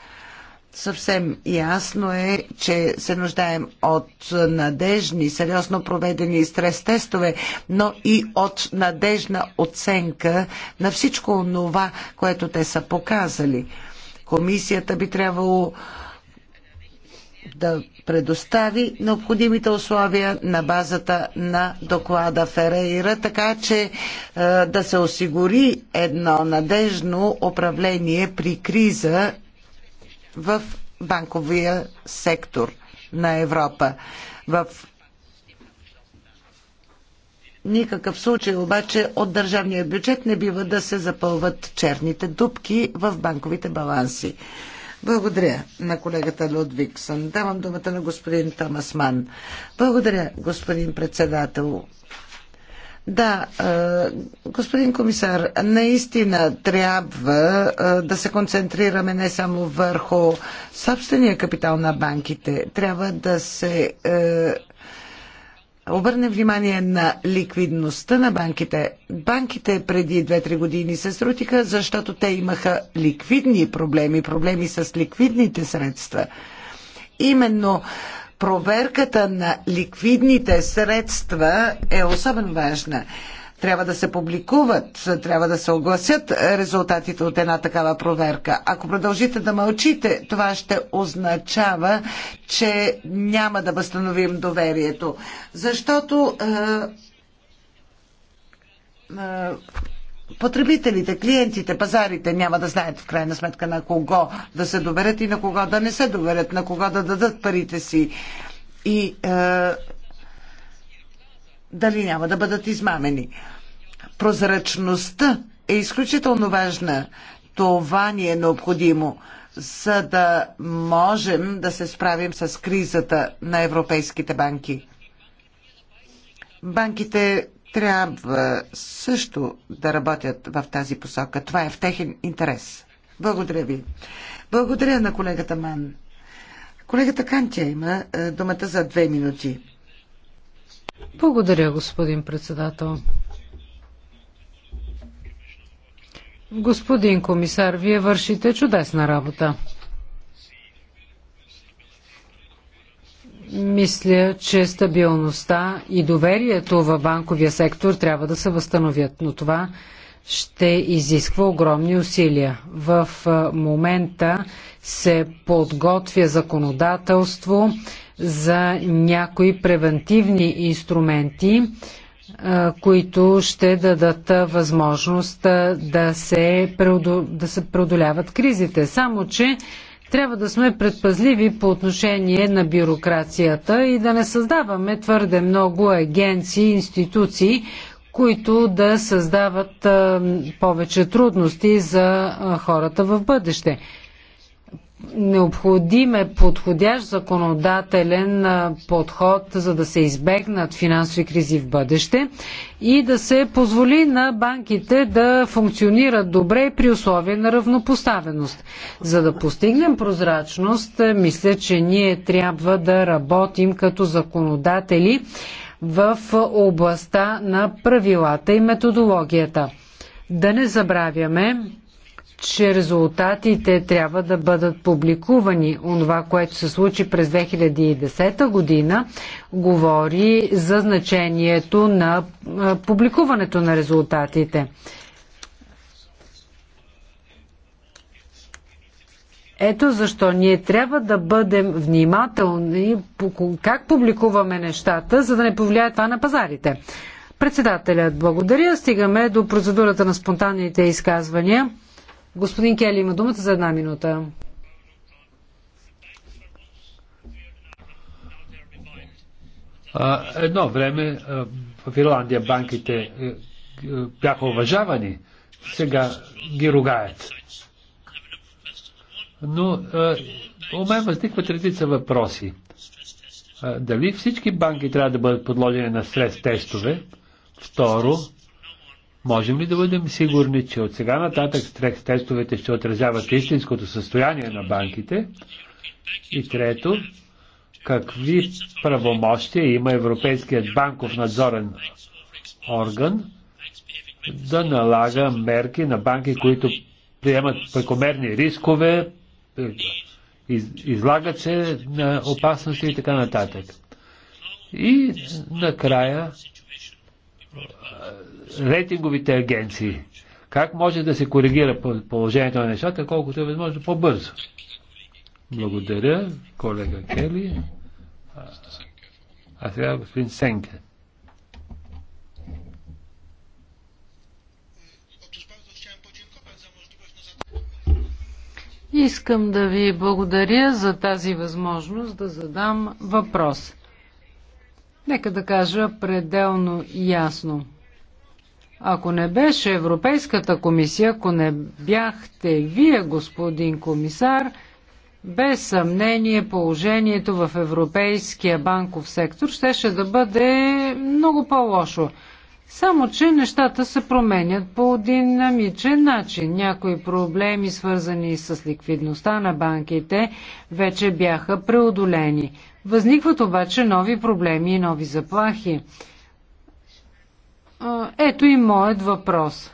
Speaker 2: Съвсем ясно е, че се нуждаем от надежни, сериозно проведени стрес-тестове, но и от надежна оценка на всичко това, което те са показали. Комисията би трябвало да предостави необходимите условия на базата на доклада Ферейра, така че е, да се осигури едно надежно управление при криза в банковия сектор на Европа. В никакъв случай обаче от държавния бюджет не бива да се запълват черните дупки в банковите баланси. Благодаря на колегата Лудвиксън. Давам думата на господин Томас Ман. Благодаря, господин председател. Да, господин комисар, наистина трябва да се концентрираме не само върху собствения капитал на банките. Трябва да се обърне внимание на ликвидността на банките. Банките преди 2-3 години се срутиха, защото те имаха ликвидни проблеми, проблеми с ликвидните средства. Именно проверката на ликвидните средства е особено важна. Трябва да се публикуват, трябва да се огласят резултатите от една такава проверка. Ако продължите да мълчите, това ще означава, че няма да възстановим доверието. Защото. Е, е, потребителите, клиентите, пазарите няма да знаят в крайна сметка на кого да се доверят и на кого да не се доверят, на кого да дадат парите си. И е, дали няма да бъдат измамени. Прозрачността е изключително важна. Това ни е необходимо, за да можем да се справим с кризата на европейските банки. Банките трябва също да работят в тази посока. Това е в техен интерес. Благодаря ви. Благодаря на колегата Ман. Колегата Кантия има е, думата за две минути. Благодаря, господин председател.
Speaker 1: Господин комисар, вие вършите чудесна работа. Мисля, че стабилността и доверието в банковия сектор трябва да се възстановят, но това ще изисква огромни усилия. В момента се подготвя законодателство за някои превентивни инструменти, които ще дадат възможност да се, преодоляват кризите. Само, че трябва да сме предпазливи по отношение на бюрокрацията и да не създаваме твърде много агенции, институции, които да създават повече трудности за хората в бъдеще. Необходим е подходящ законодателен подход, за да се избегнат финансови кризи в бъдеще и да се позволи на банките да функционират добре при условия на равнопоставеност. За да постигнем прозрачност, мисля, че ние трябва да работим като законодатели в областта на правилата и методологията. Да не забравяме, че резултатите трябва да бъдат публикувани. Онова, което се случи през 2010 година, говори за значението на публикуването на резултатите. Ето защо ние трябва да бъдем внимателни как публикуваме нещата, за да не повлияе това на пазарите. Председателят, благодаря. Стигаме до процедурата на спонтанните изказвания. Господин Кели има думата за една минута.
Speaker 3: едно време в Ирландия банките е, е, бяха уважавани, сега ги ругаят. Но у мен възникват редица въпроси. Дали всички банки трябва да бъдат подложени на стрес тестове? Второ, Можем ли да бъдем сигурни, че от сега нататък стрес тестовете ще отразяват истинското състояние на банките? И трето, какви правомощия има Европейският банков надзорен орган да налага мерки на банки, които приемат прекомерни рискове, излагат се на опасности и така нататък. И накрая рейтинговите агенции. Как може да се коригира положението на нещата, колкото е възможно по-бързо? Благодаря, колега Кели. А сега господин Сенке.
Speaker 1: Искам да ви благодаря за тази възможност да задам въпрос. Нека да кажа пределно ясно. Ако не беше Европейската комисия, ако не бяхте вие, господин комисар, без съмнение положението в европейския банков сектор щеше да бъде много по-лошо. Само, че нещата се променят по динамичен начин. Някои проблеми, свързани с ликвидността на банките, вече бяха преодолени. Възникват обаче нови проблеми и нови заплахи. Ето и моят въпрос.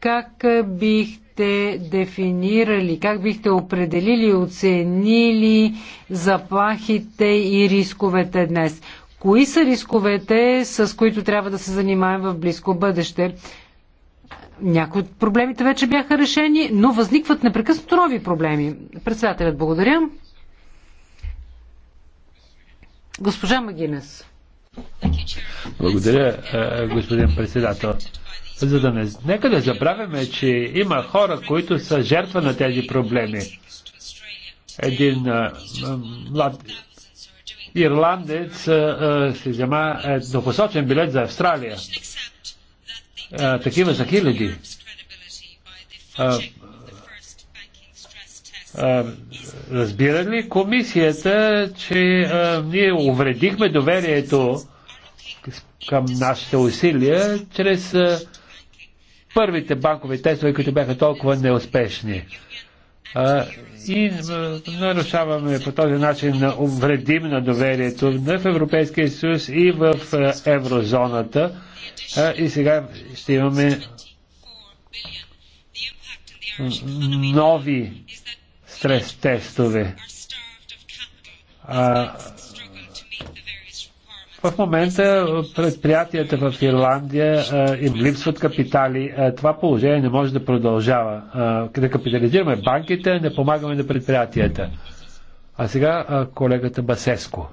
Speaker 1: Как бихте дефинирали, как бихте определили, оценили заплахите и рисковете днес? Кои са рисковете, с които трябва да се занимаем в близко бъдеще? Някои от проблемите вече бяха решени, но възникват непрекъснато нови проблеми. Председателят, благодаря. Госпожа Магинес.
Speaker 3: Благодаря, господин председател. За да не, нека да забравяме, че има хора, които са жертва на тези проблеми. Един а, млад ирландец а, се взема е, допосочен билет за Австралия. А, такива са хиляди разбира ли комисията, че а, ние увредихме доверието към нашите усилия чрез а, първите банкови тестове, които бяха толкова неуспешни? А, и а, нарушаваме по този начин, на вредим на доверието не в Европейския съюз и в а, еврозоната. А, и сега ще имаме нови стрес тестове. А, в момента предприятията в Ирландия а, им липсват капитали. А, това положение не може да продължава. А, да капитализираме банките, не помагаме на предприятията. А сега а, колегата Басеско.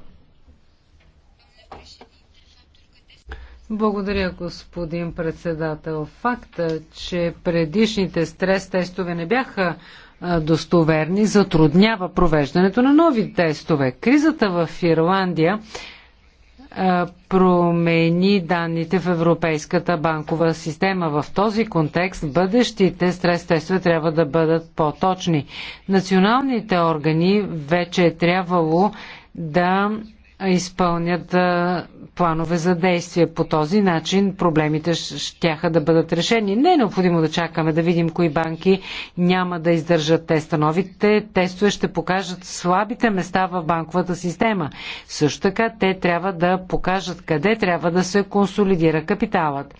Speaker 1: Благодаря, господин председател. Факта, че предишните стрес тестове не бяха достоверни, затруднява провеждането на нови тестове. Кризата в Ирландия промени данните в Европейската банкова система. В този контекст бъдещите стрес тестове трябва да бъдат по-точни. Националните органи вече е трябвало да изпълнят планове за действие. По този начин проблемите щяха да бъдат решени. Не е необходимо да чакаме да видим кои банки няма да издържат теста. Новите тестове ще покажат слабите места в банковата система. Също така те трябва да покажат къде трябва да се консолидира капиталът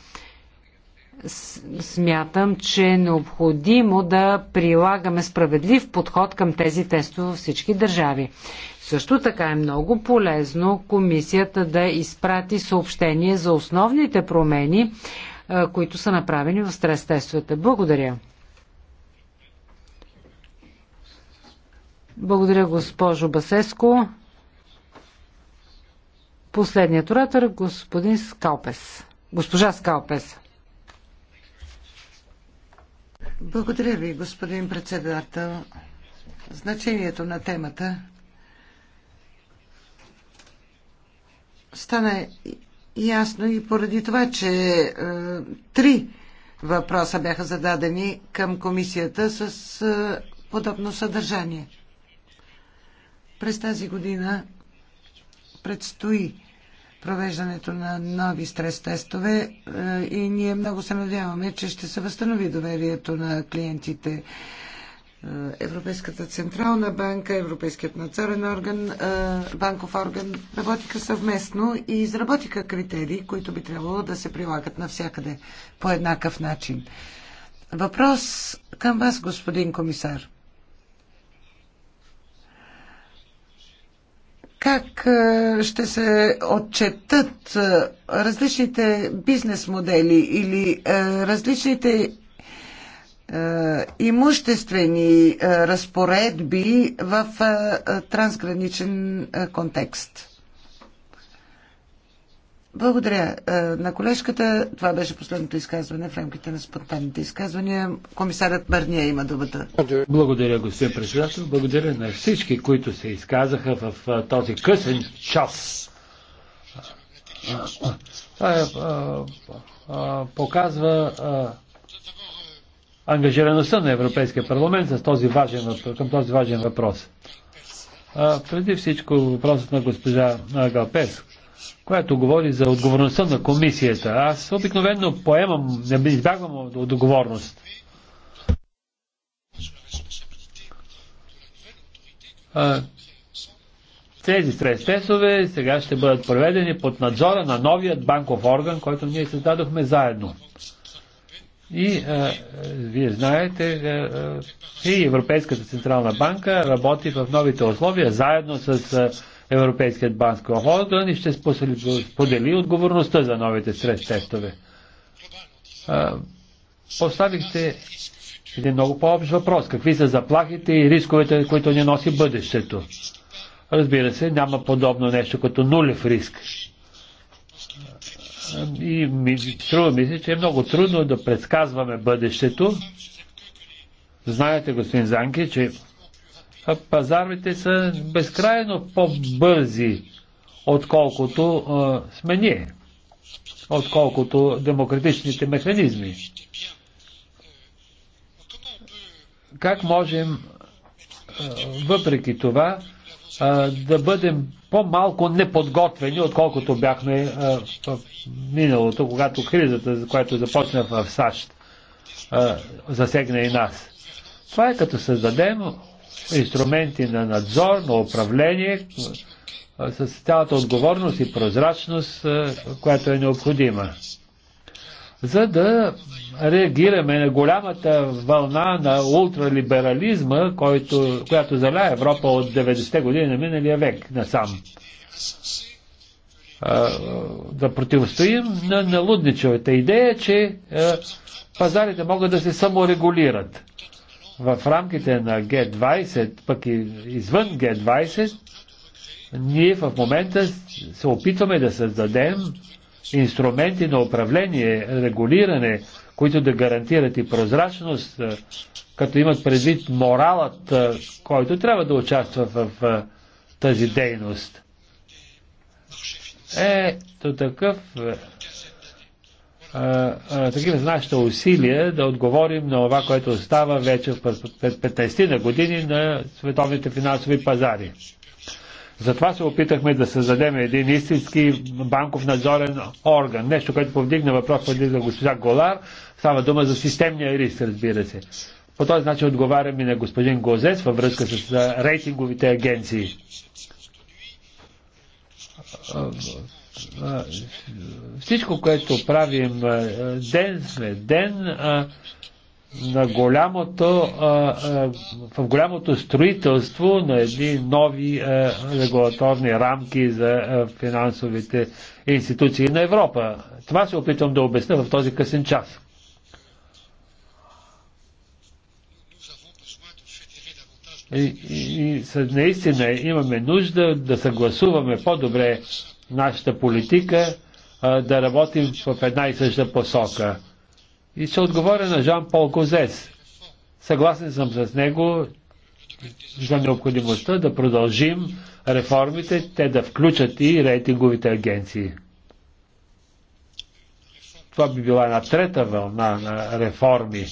Speaker 1: смятам, че е необходимо да прилагаме справедлив подход към тези тестове във всички държави. Също така е много полезно комисията да изпрати съобщение за основните промени, които са направени в стрес тестовете. Благодаря. Благодаря, госпожо Басеско. Последният оратор е господин Скалпес. Госпожа Скалпес.
Speaker 2: Благодаря ви, господин председател. Значението на темата стана ясно и поради това, че е, три въпроса бяха зададени към комисията с е, подобно съдържание. През тази година предстои провеждането на нови стрес-тестове е, и ние много се надяваме, че ще се възстанови доверието на клиентите. Е, Европейската централна банка, Европейският надзорен орган, е, банков орган работиха съвместно и изработиха критерии, които би трябвало да се прилагат навсякъде по еднакъв начин. Въпрос към вас, господин комисар. как е, ще се отчетат е, различните бизнес модели или е, различните имуществени разпоредби в трансграничен контекст. Благодаря е, на колежката. Това беше последното изказване в рамките на спонтанните изказвания. Комисарът Бърния има думата.
Speaker 3: Благодаря, господин председател. Благодаря на всички, които се изказаха в е, този късен час. Това е, а, е, а, показва а, ангажираността на Европейския парламент с този важен, към този важен въпрос. А, преди всичко въпросът на госпожа Галпес, която говори за отговорността на комисията. Аз обикновено поемам, не избягвам от отговорност. А, тези стрес тестове сега ще бъдат проведени под надзора на новият банков орган, който ние създадохме заедно. И а, вие знаете, а, и Европейската централна банка работи в новите условия заедно с а, Европейският банско охотен и ще сподели отговорността за новите стрес тестове. Поставихте един много по-общ въпрос. Какви са заплахите и рисковете, които ни носи бъдещето? Разбира се, няма подобно нещо като нулев риск. И ми, струва ми се, че е много трудно да предсказваме бъдещето. Знаете, господин Занки, че пазарите са безкрайно по-бързи, отколкото а, сме ние, отколкото демократичните механизми. Как можем, а, въпреки това, а, да бъдем по-малко неподготвени, отколкото бяхме а, в миналото, когато кризата, за която започна в САЩ, а, засегна и нас. Това е като създадем инструменти на надзор, на управление, с цялата отговорност и прозрачност, която е необходима. За да реагираме на голямата вълна на ултралиберализма, който, която заля Европа от 90-те години на миналия век насам. Да противостоим на лудничовата идея, че пазарите могат да се саморегулират в рамките на Г20, пък и извън Г20, ние в момента се опитваме да създадем инструменти на управление, регулиране, които да гарантират и прозрачност, като имат предвид моралът, който трябва да участва в тази дейност. Ето такъв такива нашите усилия да отговорим на това, което става вече в 15-ти на години на световните финансови пазари. Затова се опитахме да създадем един истински банков надзорен орган. Нещо, което повдигна въпрос за госпожа Голар. Става дума за системния риск, разбира се. По този начин отговарям и на господин Гозес във връзка с рейтинговите агенции всичко, което правим ден след ден, на голямото, в голямото строителство на едни нови регулаторни рамки за финансовите институции на Европа. Това се опитвам да обясня в този късен час. И, и, и наистина имаме нужда да съгласуваме по-добре нашата политика да работим в една и съща посока. И ще отговоря на Жан-Пол Козес. Съгласен съм с него за необходимостта да продължим реформите, те да включат и рейтинговите агенции. Това би била една трета вълна на реформи.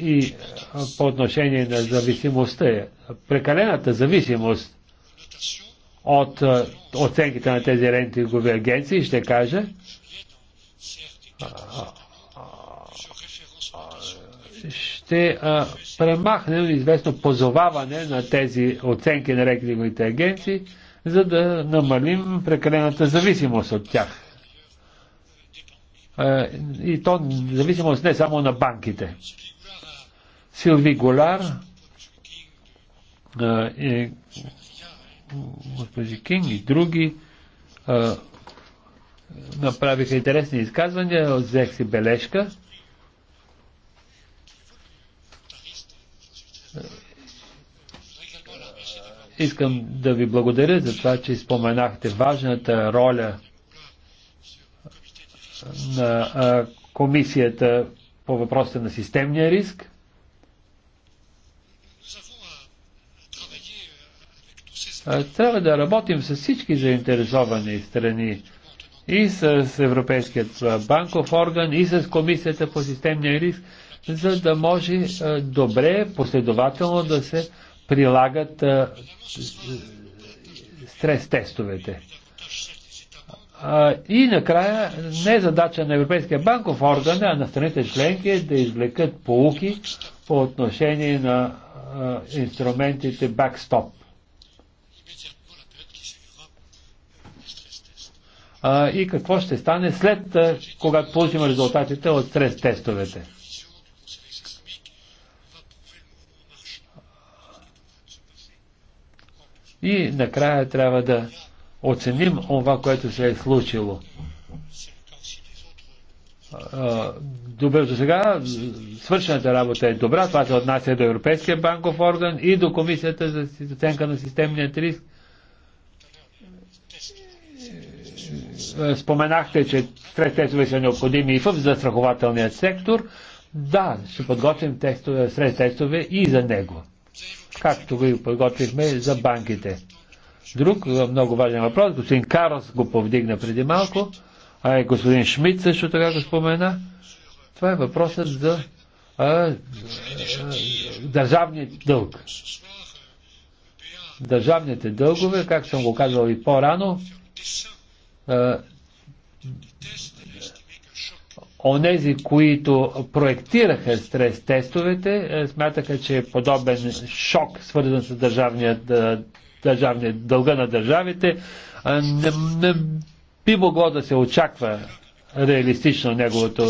Speaker 3: И по отношение на зависимостта, прекалената зависимост от е, оценките на тези рейтингови агенции, ще кажа, ще а, е, премахнем известно позоваване на тези оценки на рейтинговите агенции, за да намалим прекалената зависимост от тях. А, е, и то зависимост не само на банките. Силви Голяр а, и госпожи Кинг и други а, направиха интересни изказвания, взех си бележка. Искам да ви благодаря за това, че споменахте важната роля на комисията по въпросите на системния риск. Трябва да работим с всички заинтересовани страни и с Европейският банков орган, и с Комисията по системния риск, за да може добре, последователно да се прилагат стрес тестовете. И накрая, не е задача на Европейския банков орган, а на страните членки е да извлекат полуки по отношение на инструментите бакстоп. а, и какво ще стане след, а, когато получим резултатите от стрес тестовете. И накрая трябва да оценим това, което се е случило. Добре, до сега свършената работа е добра. Това се отнася до Европейския банков орган и до Комисията за оценка на системния риск. Е, споменахте, че стрес тестове са необходими и в застрахователния сектор. Да, ще подготвим тестове, стрес тестове и за него. Както го подготвихме за банките. Друг е, много важен въпрос, господин Карос го повдигна преди малко, а и господин Шмидт също така го спомена. Това е въпросът за а, е, а, държавния дълг. Държавните дългове, както съм го казал и по-рано, Онези, които проектираха стрес тестовете, е, смятаха, че е подобен шок, свързан с държавния, държавния дълга на държавите, не, не би могло да се очаква реалистично неговото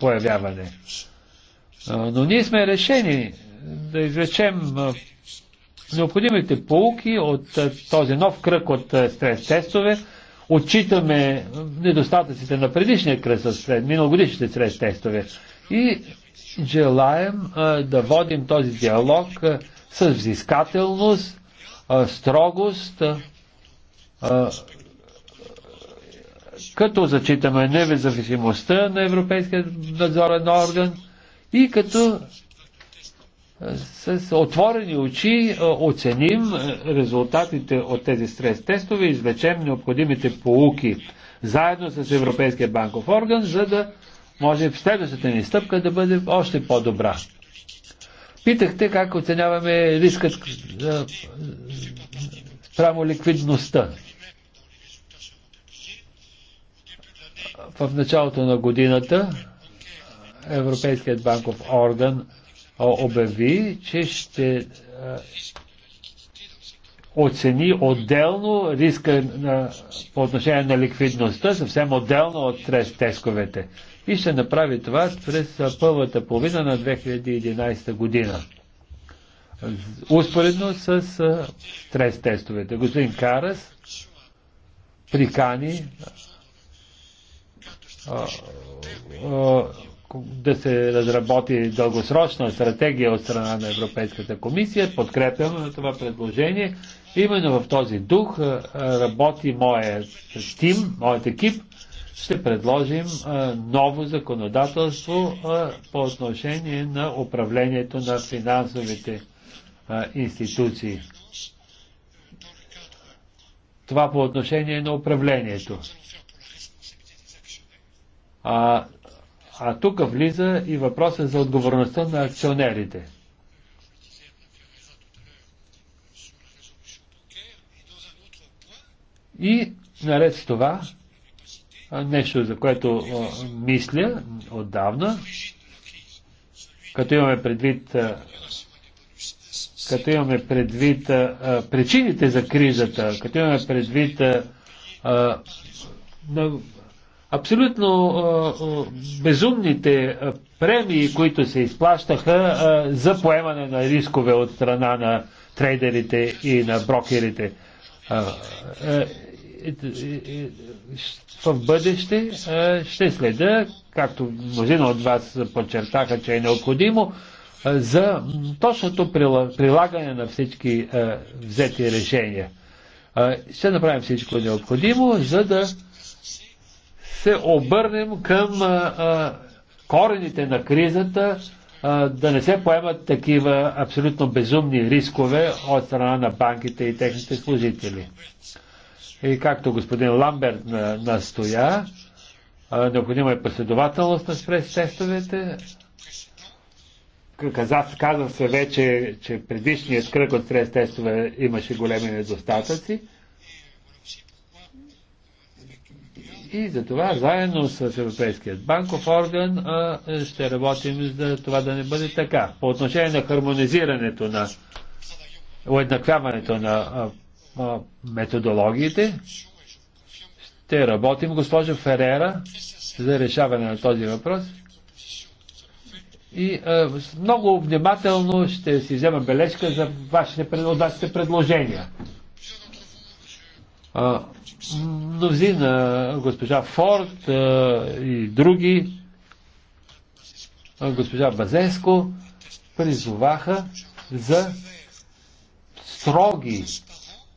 Speaker 3: появяване. Но ние сме решени да извлечем необходимите полуки от този нов кръг от стрес тестове, отчитаме недостатъците на предишния кръст, миналогодишните сред тестове. И желаем а, да водим този диалог а, с взискателност, а, строгост, а, като зачитаме независимостта на Европейския надзорен орган и като с отворени очи оценим резултатите от тези стрес тестове и извлечем необходимите полуки заедно с Европейския банков орган, за да може в следващата ни стъпка да бъде още по-добра. Питахте как оценяваме рискът спрямо ликвидността. В началото на годината Европейският банков орган обяви, че ще оцени отделно риска на, по отношение на ликвидността, съвсем отделно от стрес тесковете. И ще направи това през първата половина на 2011 година. Успоредно с стрес тестовете. Господин Карас прикани а, а, да се разработи дългосрочна стратегия от страна на Европейската комисия. Подкрепям това предложение. Именно в този дух работи моят тим, моят екип. Ще предложим ново законодателство по отношение на управлението на финансовите институции. Това по отношение на управлението. А, а тук влиза и въпросът за отговорността на акционерите. И наред с това, нещо за което мисля отдавна, като имаме предвид като имаме предвид а, причините за кризата, като имаме предвид а, на абсолютно безумните премии, които се изплащаха за поемане на рискове от страна на трейдерите и на брокерите. В бъдеще ще следа, както мнозина от вас подчертаха, че е необходимо, за точното прилагане на всички взети решения. Ще направим всичко необходимо, за да се обърнем към а, а, корените на кризата, а, да не се поемат такива абсолютно безумни рискове от страна на банките и техните служители. И както господин Ламберт настоя, необходима е последователност на спрес-тестовете. Каза, каза се вече, че предишният кръг от стрес-тестове имаше големи недостатъци. И за това, заедно с Европейският банков орган е, ще работим за това да не бъде така. По отношение на хармонизирането на уеднаквяването на методологиите, ще работим, госпожо Ферера, за решаване на този въпрос. И а, много внимателно ще си взема бележка за вашите, от вашите предложения. Мнозина, госпожа Форд и други, госпожа Базеско, призоваха за строги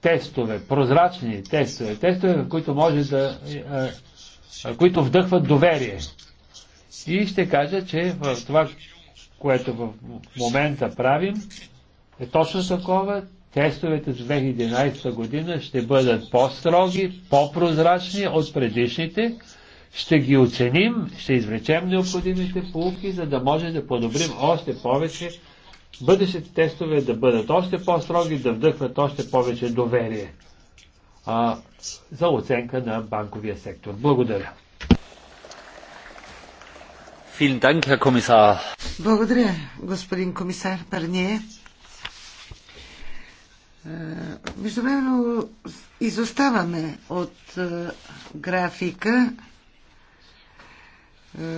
Speaker 3: тестове, прозрачни тестове, тестове, които може да, които вдъхват доверие. И ще кажа, че в това, което в момента правим, е точно такова тестовете за 2011 година ще бъдат по-строги, по-прозрачни от предишните. Ще ги оценим, ще извлечем необходимите полуки, за да може да подобрим още повече бъдещите тестове да бъдат още по-строги, да вдъхват още повече доверие а, за оценка на банковия сектор. Благодаря.
Speaker 2: Благодаря, господин комисар Парние. Междувременно изоставаме от е, графика.